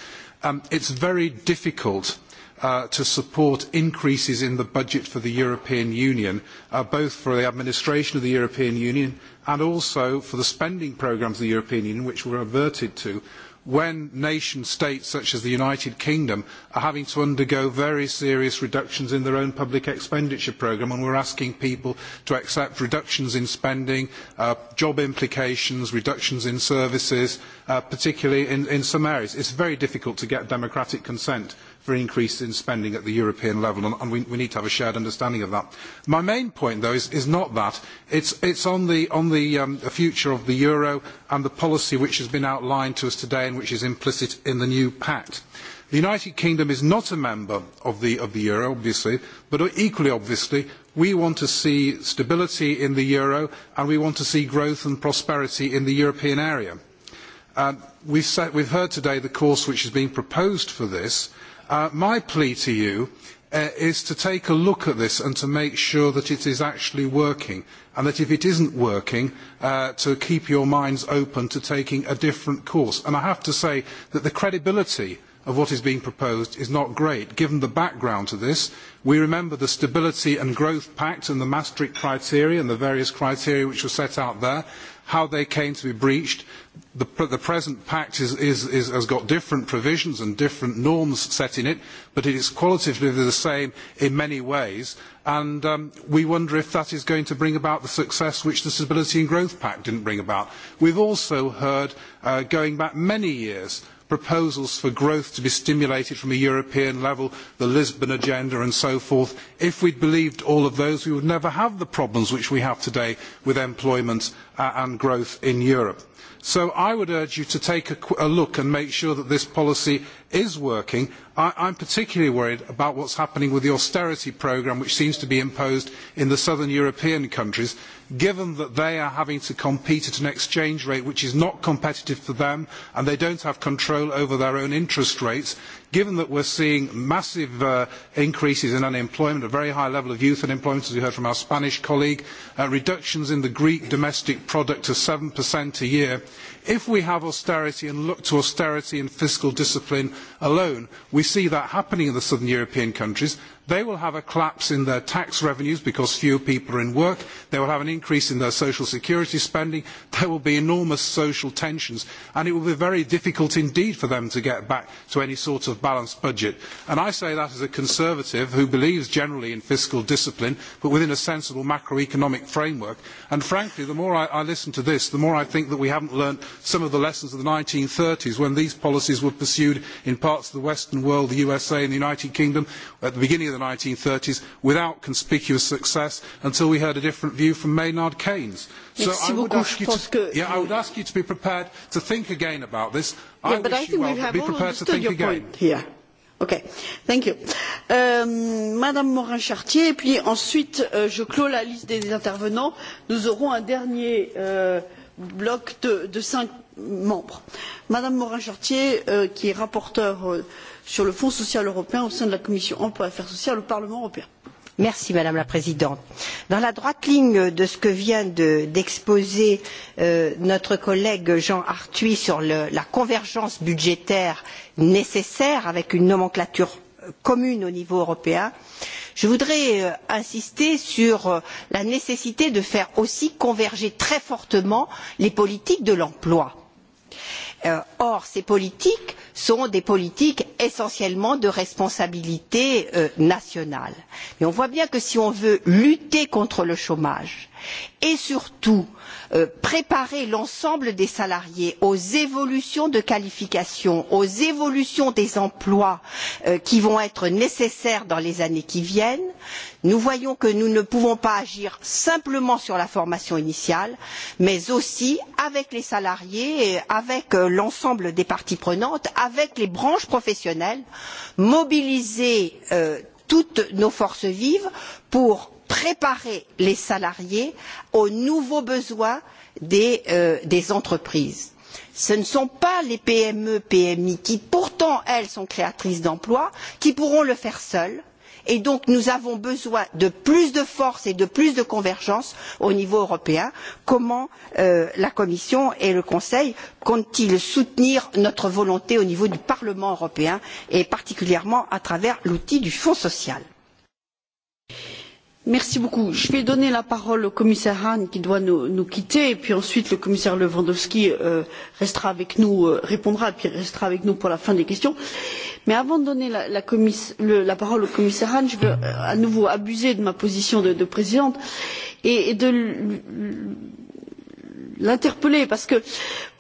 Um, it's very difficult uh, to support increases in the budget for the European Union, uh, both for the administration of the European Union and also for the spending programmes of the European Union, which were averted to when nation states such as the United Kingdom are having to undergo very serious reductions in their own public expenditure programme and we are asking people to accept reductions in spending, uh, job implications, reductions in services, uh, particularly in, in some areas. It is very difficult to get democratic consent for an increase in spending at the European level, and, and we, we need to have a shared understanding of that. My main point, though, is, is not that. It's, it's on, the, on the, um, future of the euro and the policy which has been outlined to us today and which is implicit in the new pact. The United Kingdom is not a member of the, of the euro, obviously, but equally obviously, we want to see stability in the euro and we want to see growth and prosperity in the European area. Um, we've, set, we've heard today the course which is being proposed for this, Uh, my plea to you uh, is to take a look at this and to make sure that it is actually working and that if it isn't working, uh, to keep your minds open to taking a different course. And I have to say that the credibility of what is being proposed is not great, given the background to this. We remember the Stability and Growth Pact and the Maastricht criteria and the various criteria which were set out there how they came to be breached. The, the present pact is, is, is, has got different provisions and different norms set in it, but it is qualitatively the same in many ways. And um, we wonder if that is going to bring about the success which the Stability and Growth Pact did not bring about. We have also heard, uh, going back many years, proposals for growth to be stimulated from a European level, the Lisbon agenda and so forth. If we had believed all of those, we would never have the problems which we have today with employment uh, and growth in Europe. So I would urge you to take a, a look and make sure that this policy is working. I, I'm particularly worried about what's happening with the austerity programme, which seems to be imposed in the southern European countries, given that they are having to compete at an exchange rate which is not competitive for them and they don't have control over their own interest rates, given that we're seeing massive uh, increases in unemployment, a very high level of youth unemployment, as we heard from our Spanish colleague, uh, reductions in the Greek domestic product to 7% a year, If we have austerity and look to austerity and fiscal discipline alone, we see that happening in the southern European countries They will have a collapse in their tax revenues because fewer people are in work. They will have an increase in their social security spending. There will be enormous social tensions. And it will be very difficult indeed for them to get back to any sort of balanced budget. And I say that as a conservative who believes generally in fiscal discipline, but within a sensible macroeconomic framework. And frankly, the more I, I listen to this, the more I think that we haven't learnt some of the lessons of the 1930s when these policies were pursued in parts of the Western world, the USA and the United Kingdom at the beginning of the the 1930s without conspicuous success until we heard a different view from Maynard Keynes. So I would, ask you to, yeah, I would ask you to be prepared to think again about this. I Yeah, but wish I think you well, we have be prepared to think again. Point here. Okay, thank you. Euh, Madame Morin-Chartier, puis ensuite euh, je clôt la liste des intervenants. Nous aurons un dernier euh, bloc de, de cinq membres. Madame Morin-Chartier, euh, qui est rapporteure euh, sur le Fonds social européen au sein de la Commission emploi et affaires sociales au Parlement européen. Merci Madame la Présidente. Dans la droite ligne de ce que vient d'exposer de, euh, notre collègue Jean Arthuis sur le, la convergence budgétaire nécessaire avec une nomenclature euh, commune au niveau européen, je voudrais euh, insister sur euh, la nécessité de faire aussi converger très fortement les politiques de l'emploi. Euh, or, ces politiques sont des politiques essentiellement de responsabilité euh, nationale. Mais on voit bien que si on veut lutter contre le chômage, et surtout euh, préparer l'ensemble des salariés aux évolutions de qualification, aux évolutions des emplois euh, qui vont être nécessaires dans les années qui viennent, nous voyons que nous ne pouvons pas agir simplement sur la formation initiale, mais aussi avec les salariés, avec euh, l'ensemble des parties prenantes, avec les branches professionnelles, mobiliser euh, toutes nos forces vives pour préparer les salariés aux nouveaux besoins des, euh, des entreprises. Ce ne sont pas les PME, PMI qui pourtant, elles, sont créatrices d'emplois, qui pourront le faire seules. Et donc, nous avons besoin de plus de force et de plus de convergence au niveau européen. Comment euh, la Commission et le Conseil comptent-ils soutenir notre volonté au niveau du Parlement européen et particulièrement à travers l'outil du Fonds social? Merci beaucoup. Je vais donner la parole au commissaire Hahn qui doit nous, nous quitter et puis ensuite le commissaire Lewandowski euh, restera avec nous, euh, répondra et puis restera avec nous pour la fin des questions. Mais avant de donner la, la, commis, le, la parole au commissaire Hahn, je veux euh, à nouveau abuser de ma position de, de présidente et, et de l'interpeller parce que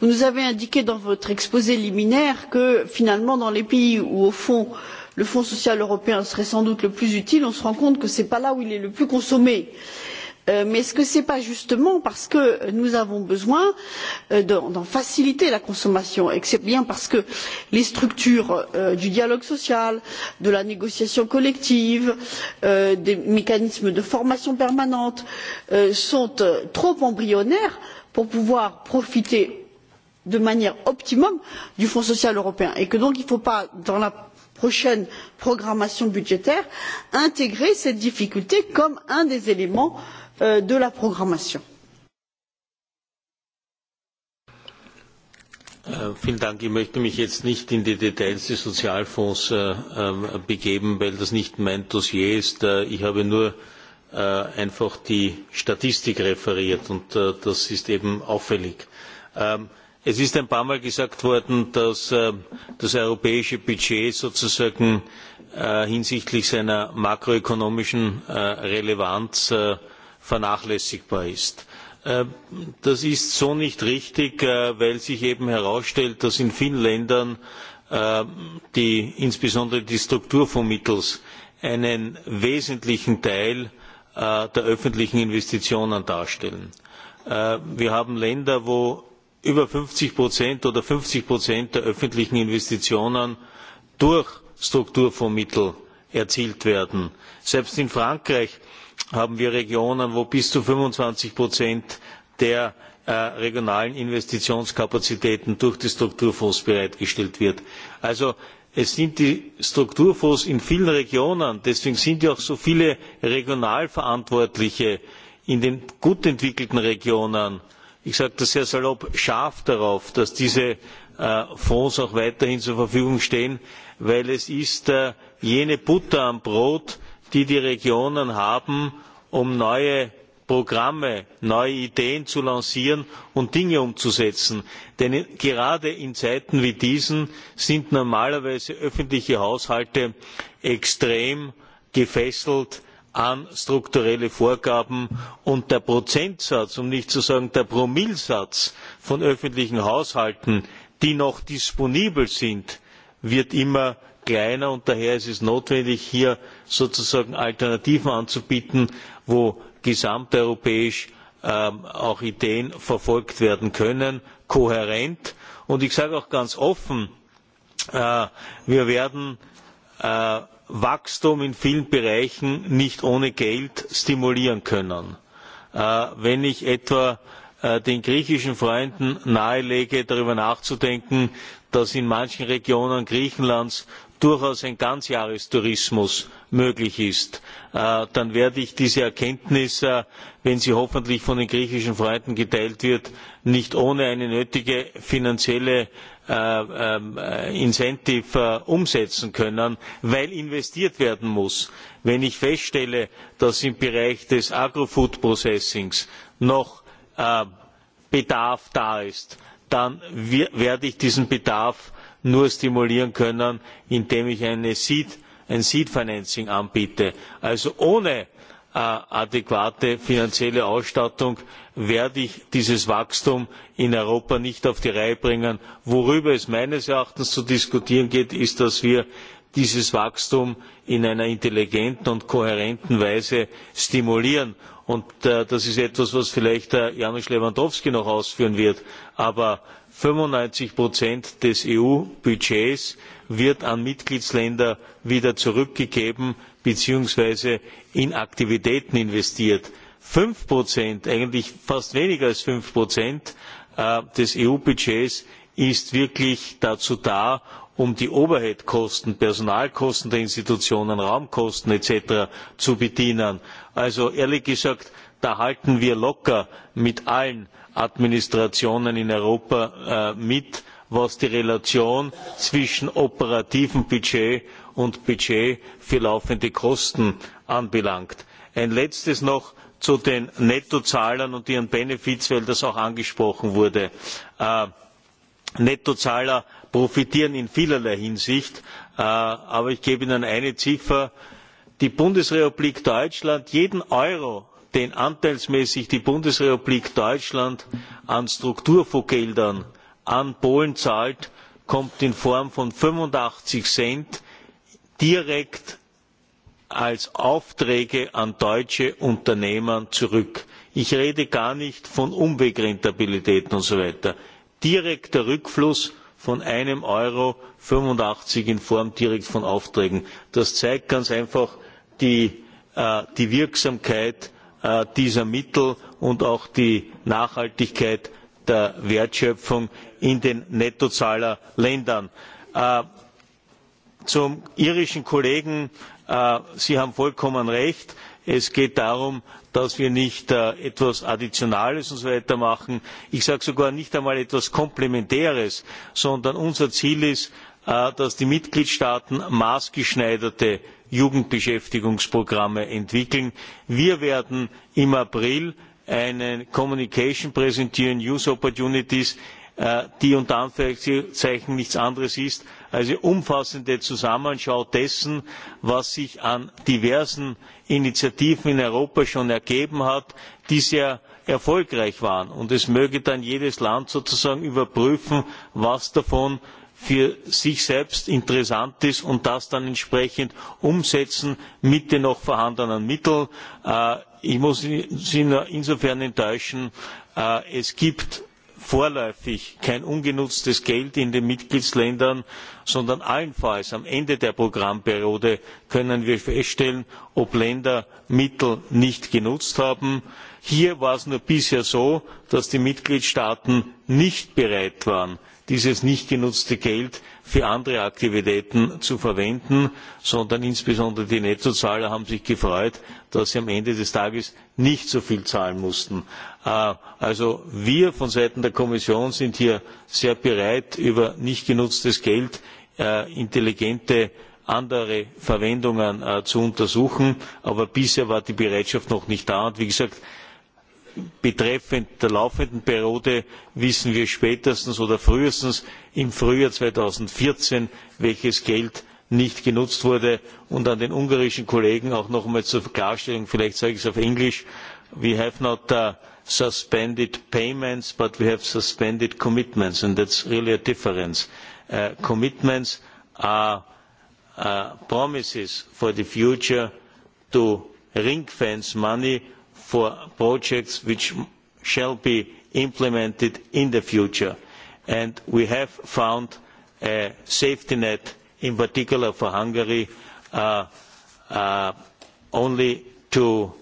vous nous avez indiqué dans votre exposé liminaire que finalement dans les pays où au fond euh, le Fonds social européen serait sans doute le plus utile, on se rend compte que ce n'est pas là où il est le plus consommé. Euh, mais est-ce que ce n'est pas justement parce que nous avons besoin euh, d'en faciliter la consommation et que c'est bien parce que les structures euh, du dialogue social, de la négociation collective, des mécanismes de formation permanente sont trop embryonnaires pour pouvoir profiter de manière optimum du Fonds social européen et que donc il ne faut pas dans la prochaine programmation budgétaire, intégrer cette difficulté comme un des éléments euh, de la programmation. Äh, vielen Dank. Ich möchte mich jetzt nicht in die Details des Sozialfonds äh, ähm, begeben, weil das nicht mein Dossier ist. Äh, ich habe nur äh, einfach die Statistik referiert und äh, das ist eben auffällig. Ähm, Es ist ein paar Mal gesagt worden, dass äh, das europäische Budget sozusagen äh, hinsichtlich seiner makroökonomischen äh, Relevanz vernachlässigbar ist. Das ist so nicht richtig, weil sich eben herausstellt, dass in vielen Ländern die, insbesondere die Strukturfondsmittel einen wesentlichen Teil der öffentlichen Investitionen darstellen. Wir haben Länder, wo über fünfzig oder fünfzig der öffentlichen Investitionen durch Strukturfondsmittel erzielt werden. Selbst in Frankreich haben wir Regionen, wo bis zu 25 der äh, regionalen Investitionskapazitäten durch die Strukturfonds bereitgestellt wird. Also es sind die Strukturfonds in vielen Regionen, deswegen sind ja auch so viele Regionalverantwortliche in den gut entwickelten Regionen ich sage das sehr salopp, scharf darauf, dass diese äh, Fonds auch weiterhin zur Verfügung stehen, weil es ist äh, jene Butter am Brot, die die Regionen haben, um neue Programme, neue Ideen zu lancieren und Dinge umzusetzen. Denn gerade in Zeiten wie diesen sind normalerweise öffentliche Haushalte extrem gefesselt an strukturelle Vorgaben und der Prozentsatz, um nicht zu sagen der Promillsatz von öffentlichen Haushalten, die noch disponibel sind, wird immer kleiner und daher ist es notwendig, hier sozusagen Alternativen anzubieten, wo gesamteuropäisch ähm, auch Ideen verfolgt werden können, kohärent. Und ich sage auch ganz offen, äh, wir werden Äh, Wachstum in vielen Bereichen nicht ohne Geld stimulieren können. Äh, wenn ich etwa äh, den griechischen Freunden nahelege, darüber nachzudenken, dass in manchen Regionen Griechenlands durchaus ein Ganzjahrestourismus möglich ist, dann werde ich diese Erkenntnis, wenn sie hoffentlich von den griechischen Freunden geteilt wird, nicht ohne eine nötige finanzielle Äh, ähm, äh, Incentive äh, umsetzen können, weil investiert werden muss. Wenn ich feststelle, dass im Bereich des Agrofood Processings noch Bedarf da ist, dann werde ich diesen Bedarf nur stimulieren können, indem ich eine Seed, ein Seed Financing anbiete. Also ohne Äh, adäquate finanzielle Ausstattung werde ich dieses Wachstum in Europa nicht auf die Reihe bringen. Worüber es meines Erachtens zu diskutieren geht, ist, dass wir dieses Wachstum in einer intelligenten und kohärenten Weise stimulieren. Und äh, das ist etwas, was vielleicht äh, Janusz Lewandowski noch ausführen wird. Aber 95 Prozent des EU-Budgets wird an Mitgliedsländer wieder zurückgegeben beziehungsweise in Aktivitäten investiert. Fünf Prozent, eigentlich fast weniger als fünf Prozent äh, des EU-Budgets ist wirklich dazu da, um die Overhead-Kosten, Personalkosten der Institutionen, Raumkosten etc. zu bedienen. Also ehrlich gesagt, da halten wir locker mit allen Administrationen in Europa äh, mit, was die Relation zwischen operativem Budget und Budget für laufende Kosten anbelangt. Ein letztes noch zu den Nettozahlern und ihren Benefits, weil das auch angesprochen wurde. Äh, Nettozahler profitieren in vielerlei Hinsicht, äh, aber ich gebe Ihnen eine Ziffer. Die Bundesrepublik Deutschland, jeden Euro, den anteilsmäßig die Bundesrepublik Deutschland an Strukturfondsgeldern an Polen zahlt, kommt in Form von 85 Cent direkt als Aufträge an deutsche Unternehmen zurück. Ich rede gar nicht von Umwegrentabilitäten und so weiter. Direkter Rückfluss von einem Euro 85 in Form direkt von Aufträgen. Das zeigt ganz einfach die, äh, die Wirksamkeit äh, dieser Mittel und auch die Nachhaltigkeit der Wertschöpfung in den Nettozahlerländern. Äh, Zum irischen Kollegen, äh, Sie haben vollkommen recht. Es geht darum, dass wir nicht äh, etwas Additionales und so weiter machen. Ich sage sogar nicht einmal etwas Komplementäres, sondern unser Ziel ist, äh, dass die Mitgliedstaaten maßgeschneiderte Jugendbeschäftigungsprogramme entwickeln. Wir werden im April eine Communication präsentieren, Use Opportunities, die unter Anführungszeichen nichts anderes ist also umfassende Zusammenschau dessen, was sich an diversen Initiativen in Europa schon ergeben hat, die sehr erfolgreich waren. Und es möge dann jedes Land sozusagen überprüfen, was davon für sich selbst interessant ist und das dann entsprechend umsetzen mit den noch vorhandenen Mitteln. Äh, ich muss Sie nur insofern enttäuschen, äh, es gibt vorläufig kein ungenutztes Geld in den Mitgliedsländern, sondern allenfalls am Ende der Programmperiode können wir feststellen, ob Länder Mittel nicht genutzt haben. Hier war es nur bisher so, dass die Mitgliedstaaten nicht bereit waren, dieses nicht genutzte Geld für andere Aktivitäten zu verwenden, sondern insbesondere die Nettozahler haben sich gefreut, dass sie am Ende des Tages nicht so viel zahlen mussten. Äh, also wir von Seiten der Kommission sind hier sehr bereit, über nicht genutztes Geld äh, intelligente andere Verwendungen äh, zu untersuchen, aber bisher war die Bereitschaft noch nicht da und wie gesagt, betreffend der laufenden Periode wissen wir spätestens oder frühestens im Frühjahr 2014, welches Geld nicht genutzt wurde. Und an den ungarischen Kollegen auch noch einmal zur Klarstellung, vielleicht sage ich es auf Englisch, we have not uh, suspended payments, but we have suspended commitments, and that's really a difference. Uh, commitments are uh, promises for the future to ring fence money for projects which shall be implemented in the future. And we have found a safety net, in particular for Hungary, uh, uh, only to,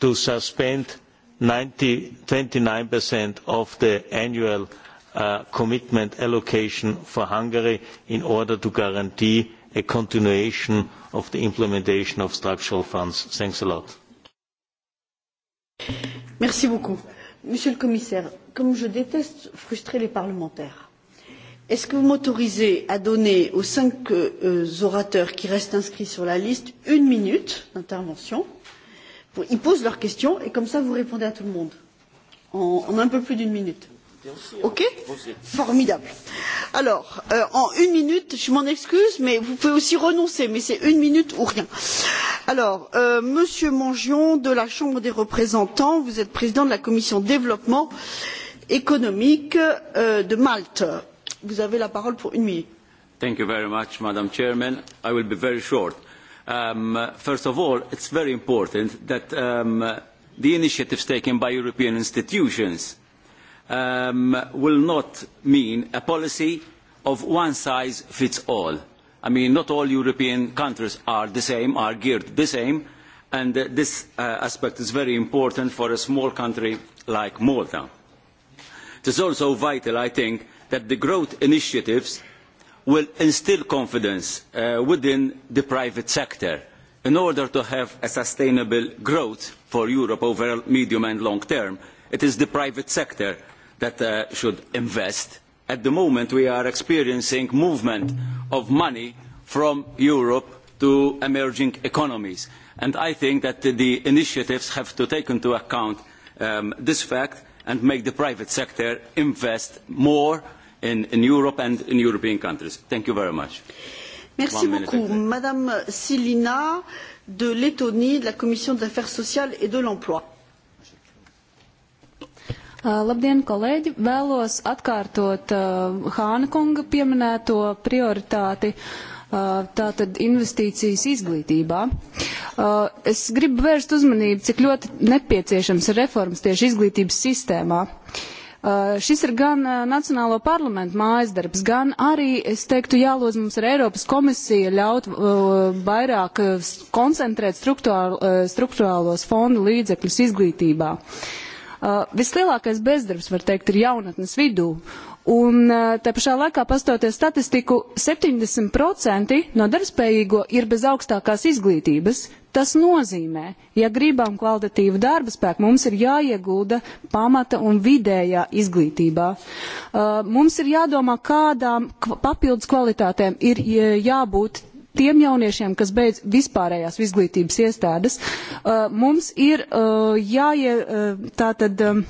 to suspend 90, 29% of the annual uh, commitment allocation for Hungary in order to guarantee a continuation of the implementation of structural funds. Thanks a lot. Merci beaucoup. Monsieur le Commissaire, comme je déteste frustrer les parlementaires, est-ce que vous m'autorisez à donner aux cinq euh, orateurs qui restent inscrits sur la liste une minute d'intervention Ils posent leurs questions et comme ça vous répondez à tout le monde en, en un peu plus d'une minute. Ok Formidable. Alors, euh, en une minute, je m'en excuse, mais vous pouvez aussi renoncer, mais c'est une minute ou rien. Alors, euh, Monsieur Mangion de la Chambre des représentants, vous êtes président de la commission développement économique euh, de Malte. Vous avez la parole pour une minute. Thank you very much, Madam Chairman. I will be very short. Um, first of all, it's very important that um, the initiatives taken by European institutions um, will not mean a policy of one size fits all. I mean, not all European countries are the same, are geared the same, and uh, this uh, aspect is very important for a small country like Malta. It is also vital, I think, that the growth initiatives will instil confidence uh, within the private sector in order to have a sustainable growth for Europe over medium and long term. It is the private sector that uh, should invest. At the moment, we are experiencing movement of money from Europe to emerging economies. And I think that the initiatives have to take into account um, this fact and make the private sector invest more in, in Europe and in European countries. Thank you very much. Merci One beaucoup. Minute. Madame Silina de Lettonie, de la Commission des affaires sociales et de l'emploi. Uh, labdien, kolēģi! Vēlos atkārtot uh, Hāna kunga pieminēto prioritāti uh, tātad investīcijas izglītībā. Es gribu vērst uzmanību, cik ļoti nepieciešams ir reformas tieši izglītības sistēmā. Šis ir gan Nacionālo parlamentu mājasdarbs, gan arī, es teiktu, jālūdz mums ar Eiropas komisiju ļaut vairāk koncentrēt struktūrālos fondu līdzekļus izglītībā. Э, Vislielākais bezdarbs, var teikt, ir jaunatnes vidū. Un э, te pašā laikā, pastoties statistiku, 70% no darbspējīgo ir bez augstākās izglītības. Tas nozīmē, ja gribam kvalitatīvu darba spēku, mums ir jāiegulda pamata un vidējā izglītībā. Uh, mums ir jādomā, kādām papildus kvalitātēm ir jābūt tiem jauniešiem, kas beidz vispārējās izglītības iestādes, uh, mums ir uh, jāie, uh, tātad, um,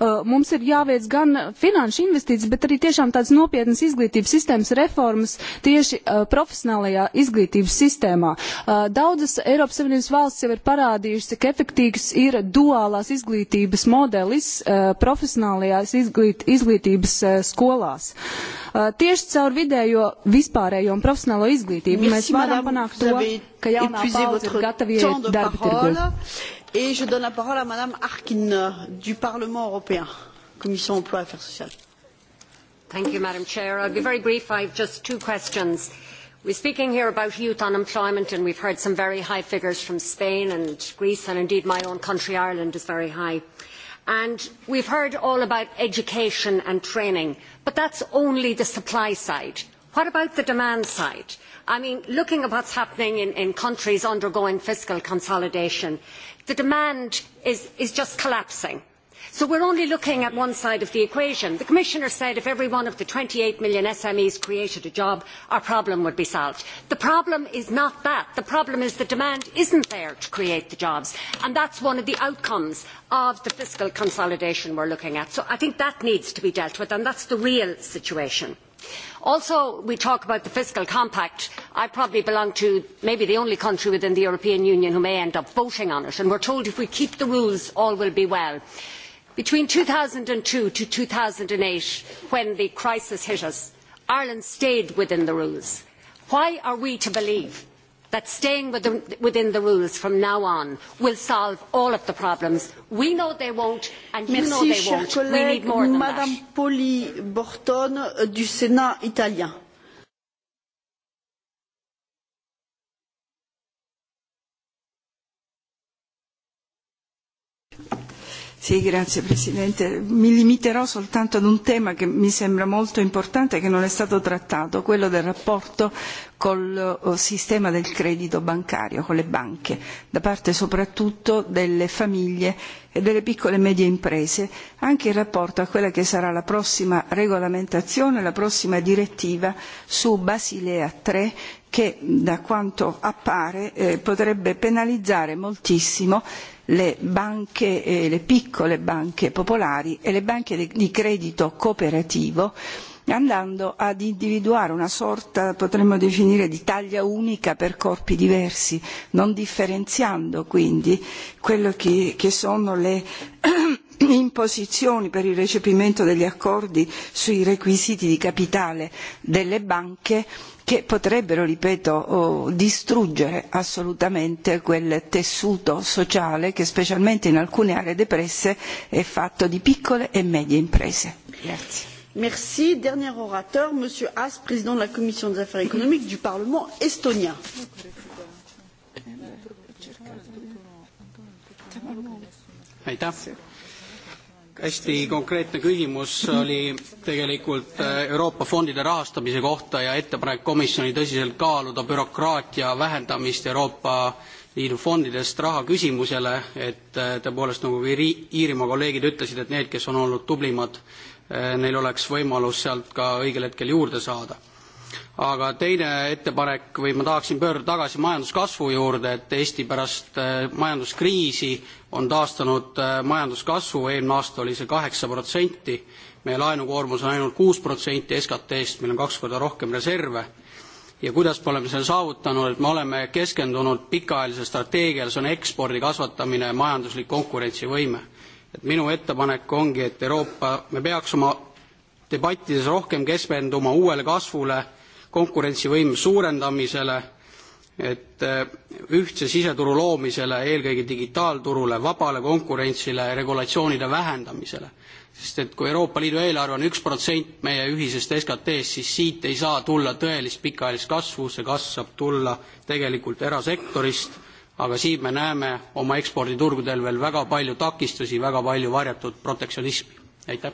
Mums ir jāveic gan finanšu investīcijas, bet arī tiešām tāds nopietnas izglītības sistēmas reformas tieši profesionālajā izglītības sistēmā. daudzas Eiropas Savienības valsts jau ir parādījušas, cik efektīgs ir duālās izglītības modelis profesionālajās izglītības skolās. Tieši caur vidējo vispārējo un profesionālo izglītību Merci, mēs varam panākt to, ka jaunā paudze ir gatava iet darba tirgu. Et je donne la parole à Madame Harkin du Parlement européen, Commission emploi et affaires sociales. Thank you, Madam Chair. I'll be very brief. I have just two questions. We're speaking here about youth unemployment, and we've heard some very high figures from Spain and Greece, and indeed my own country, Ireland, is very high. And we've heard all about education and training, but that's only the supply side. What about the demand side? I mean, looking at what's happening in, in countries undergoing fiscal consolidation, the demand is, is just collapsing. So we are only looking at one side of the equation. The Commissioner said if every one of the twenty eight million SMEs created a job, our problem would be solved. The problem is not that. The problem is the demand is not there to create the jobs. And that is one of the outcomes of the fiscal consolidation we are looking at. So I think that needs to be dealt with, and that is the real situation. Also, we talk about the fiscal compact. I probably belong to maybe the only country within the European Union who may end up voting on it, and we are told if we keep the rules, all will be well. Between two thousand and two to two thousand and eight, when the crisis hit us, Ireland stayed within the rules. Why are we to believe that staying within the rules from now on will solve all of the problems. We know they won't, and you know they won't. Collègue, we need more than Madame that. Poli Borton euh, du Sénat italien. Sì, grazie Presidente. Mi limiterò soltanto ad un tema che mi sembra molto importante e che non è stato trattato, quello del rapporto col eh, sistema del credito bancario, con le banche, da parte soprattutto delle famiglie e delle piccole e medie imprese, anche in rapporto a quella che sarà la prossima regolamentazione, la prossima direttiva su Basilea 3 che da quanto appare eh, potrebbe penalizzare moltissimo le banche, eh, le piccole banche popolari e le banche di credito cooperativo andando ad individuare una sorta, potremmo definire, di taglia unica per corpi diversi, non differenziando quindi quello che, che sono le *clears throat* imposizioni per il recepimento degli accordi sui requisiti di capitale delle banche che potrebbero, ripeto, oh, distruggere assolutamente quel tessuto sociale che specialmente in alcune aree depresse è fatto di piccole e medie imprese. Grazie. Merci. Dernier orateur, Monsieur Haas, président de la Commission des affaires économiques du Parlement estonien. Aitäh hästi konkreetne küsimus oli tegelikult äh, Euroopa fondide rahastamise kohta ja ettepanek komisjoni tõsiselt kaaluda bürokraatia vähendamist Euroopa Liidu fondidest raha küsimusele, et äh, tõepoolest nagu Iirimaa kolleegid ütlesid, et need, kes on olnud tublimad, äh, neil oleks võimalus sealt ka õigel hetkel juurde saada aga teine ettepanek või ma tahaksin pöörduda tagasi majanduskasvu juurde, et Eesti pärast majanduskriisi on taastanud äh, majanduskasvu, eelmine aasta oli see kaheksa protsenti, meie laenukoormus on ainult kuus protsenti SKT-st, meil on kaks korda rohkem reserve ja kuidas me oleme selle saavutanud, et me oleme keskendunud pikaajalises strateegias on ekspordi kasvatamine ja majanduslik konkurentsivõime. et minu ettepanek ongi, et Euroopa, me peaks oma debattides rohkem keskenduma uuele kasvule, konkurentsivõime suurendamisele et äh, ühtse siseturu loomisele, eelkõige digitaalturule, vabale konkurentsile, regulatsioonide vähendamisele. sest et kui Euroopa Liidu eelarve on üks protsent meie ühisest SKT-st, siis siit ei saa tulla tõelist pikaajalist kasvu, see kasv saab tulla tegelikult erasektorist, aga siin me näeme oma eksporditurgudel veel väga palju takistusi, väga palju varjatud protektsionismi. aitäh!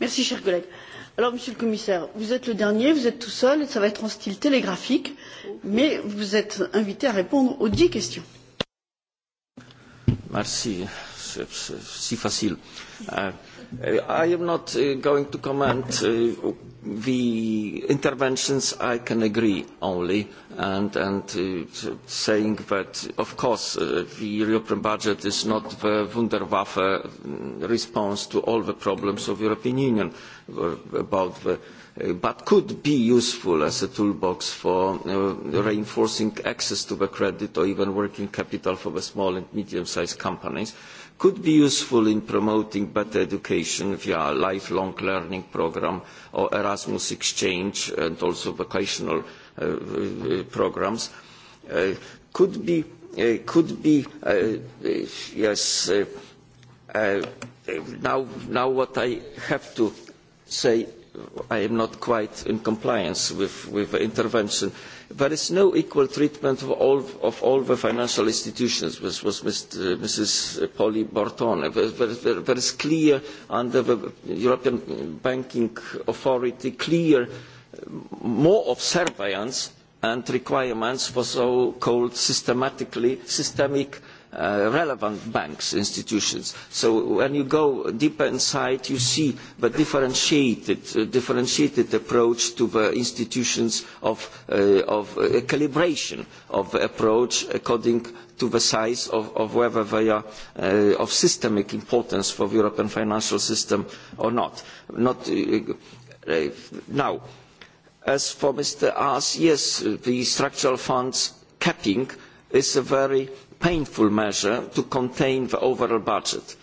Merci, cher Alors, Monsieur le Commissaire, vous êtes le dernier, vous êtes tout seul, et ça va être en style télégraphique, mais vous êtes invité à répondre aux dix questions. Merci. C'est si facile. Uh, I am not uh, going to comment uh, the interventions I can agree only and, and uh, saying that of course uh, the European budget is not the Wunderwaffe mm, response to all the problems of the European Union uh, about the, uh, but could be useful as a toolbox for uh, reinforcing access to the credit or even working capital for the small and medium-sized companies could be useful in promoting better education via a lifelong learning programme or Erasmus exchange and also vocational uh, uh programmes, uh, could be, uh, could be uh, uh, yes, now, now what I have to say, I am not quite in compliance with, with intervention. Uh, There is no equal treatment of all, of all the financial institutions, which was Mr, Mrs. Uh, Polly Barton. There, there, there is clear, under the European Banking Authority, clear more of surveillance and requirements for so-called systematically systemic Uh, relevant banks, institutions. So when you go deeper inside, you see the differentiated, uh, differentiated approach to the institutions of, uh, of uh, calibration of the approach according to the size of, of whether they are uh, of systemic importance for the European financial system or not. not uh, uh, now, as for Mr. Aas, yes, the structural funds capping is a very painful measure to contain the overall budget.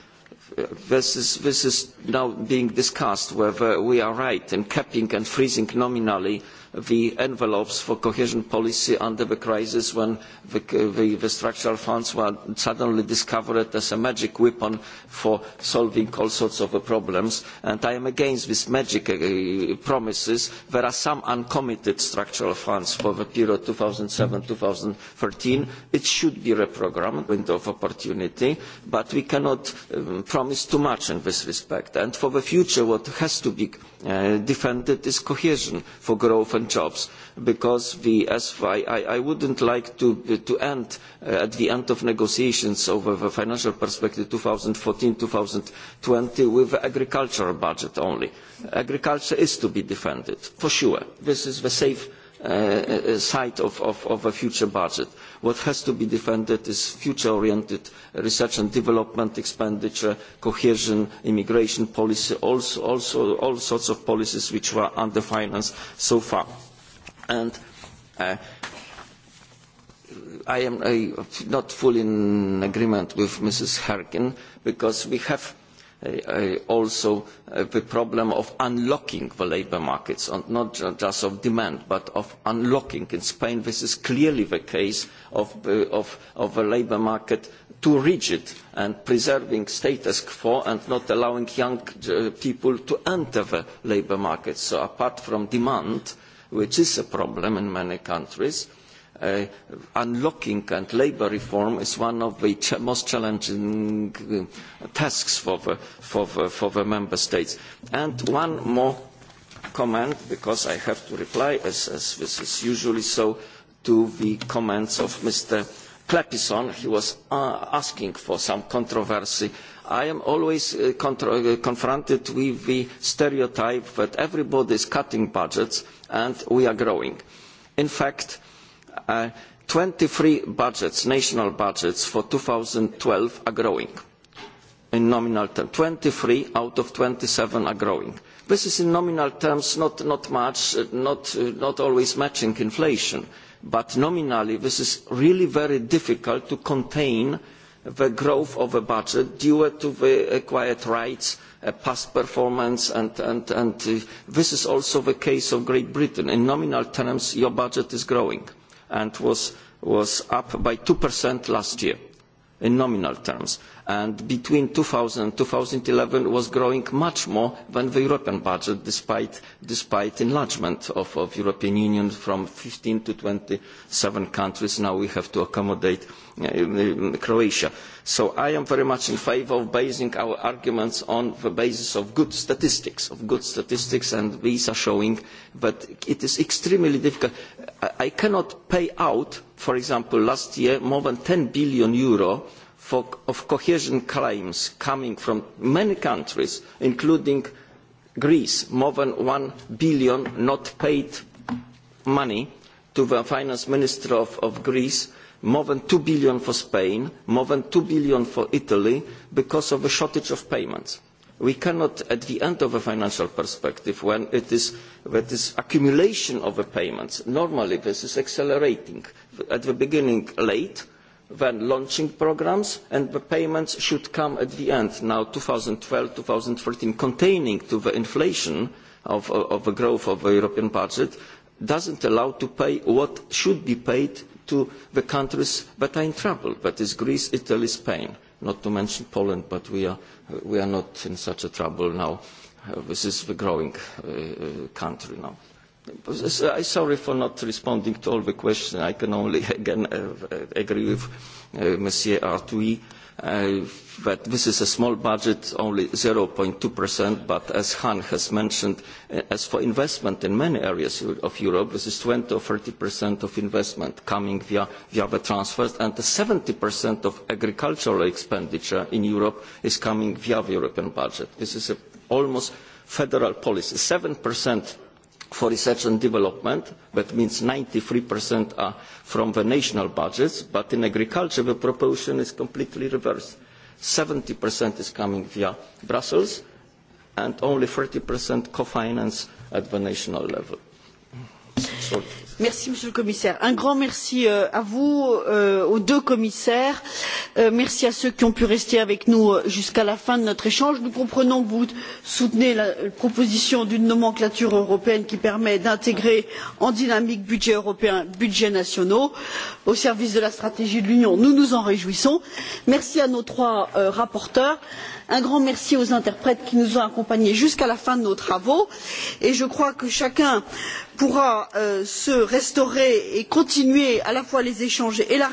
This is, this is now being discussed whether we are right in capping and freezing nominally the envelopes for cohesion policy under the crisis when the, the, the structural funds were suddenly discovered as a magic weapon for solving all sorts of problems. And I am against these magic uh, promises. There are some uncommitted structural funds for the period two thousand 2007 thirteen. It should be reprogrammed, window of opportunity, but we cannot um, promise too much in this respect. And for the future, what has to be uh, defended is cohesion for growth and term jobs because the as I, I wouldn't like to, to end uh, at the end of negotiations over the financial perspective 2014-2020 with the agricultural budget only. Agriculture is to be defended, for sure. This is the safe uh, uh side of, of, of a future budget. What has to be defended is future-oriented research and development expenditure, cohesion, immigration policy, also, also all sorts of policies which were underfinanced so far. And uh, I am uh, not fully in agreement with Mrs. Harkin because we have Uh, uh, also uh, the problem of unlocking the labour markets, and not just of demand, but of unlocking. In Spain, this is clearly the case of, of, of a labour market too rigid and preserving status quo and not allowing young people to enter the labour market. So apart from demand, which is a problem in many countries, uh, uh, unlocking and labour reform is one of the ch most challenging uh, tasks for the, for, the, for the member states. And one more comment, because I have to reply, as, as this is usually so, to the comments of Mr. Clapison. He was uh, asking for some controversy. I am always uh, uh, confronted with the stereotype that everybody is cutting budgets and we are growing. In fact, Uh, twenty three budgets, national budgets for twelve are growing in nominal terms. twenty three out of twenty seven are growing. This is in nominal terms not, not much, uh, not, uh, not always matching inflation, but nominally this is really very difficult to contain the growth of a budget due to the acquired rights, past performance, and, and, and this is also the case of Great Britain. In nominal terms, your budget is growing and was, was up by 2% last year in nominal terms. And between 2000 and 2011 was growing much more than the European budget, despite, despite enlargement of, of European Union from 15 to 27 countries. Now we have to accommodate uh, uh Croatia. So I am very much in favour of basing our arguments on the basis of good statistics, of good statistics, and these are showing that it is extremely difficult. I cannot pay out, for example, last year more than EUR ten billion euro for, of cohesion claims coming from many countries, including Greece, more than EUR one billion not paid money to the finance minister of, of Greece more than two billion for Spain, more than two billion for Italy, because of a shortage of payments. We cannot, at the end of a financial perspective, when it is that accumulation of the payments, normally this is accelerating. At the beginning, late, then launching programmes and the payments should come at the end. Now, twelve 2012 thirteen containing to the inflation of, of, of the growth of the European budget, does not allow to pay what should be paid to the countries that are in trouble, that is Greece, Italy, Spain, not to mention Poland, but we are, we are not in such a trouble now. Uh, this is the growing uh, uh country now. I'm uh, sorry for not responding to all the questions. I can only *laughs* again uh, agree with uh, Monsieur Artui Uh, but this is a small budget, only 0.2%, but as Han has mentioned, uh, as for investment in many areas of Europe, this is 20 or 30% of investment coming via, via the transfers, and 70% of agricultural expenditure in Europe is coming via the European budget. This is a, almost federal policy. 7% for research and development, that means 93% are from the national budgets, but in agriculture the proportion is completely reversed. 70% is coming via Brussels and only 30% co-finance at the national level. Merci, Monsieur le Commissaire. Un grand merci euh, à vous, euh, aux deux commissaires. Euh, merci à ceux qui ont pu rester avec nous jusqu'à la fin de notre échange. Nous comprenons que vous soutenez la proposition d'une nomenclature européenne qui permet d'intégrer en dynamique budget européen, budgets nationaux au service de la stratégie de l'Union. Nous nous en réjouissons. Merci à nos trois rapporteurs. Un grand merci aux interprètes qui nous ont accompagnés jusqu'à la fin de nos travaux. Et je crois que chacun pourra euh, se restaurer et continuer à la fois les échanges et la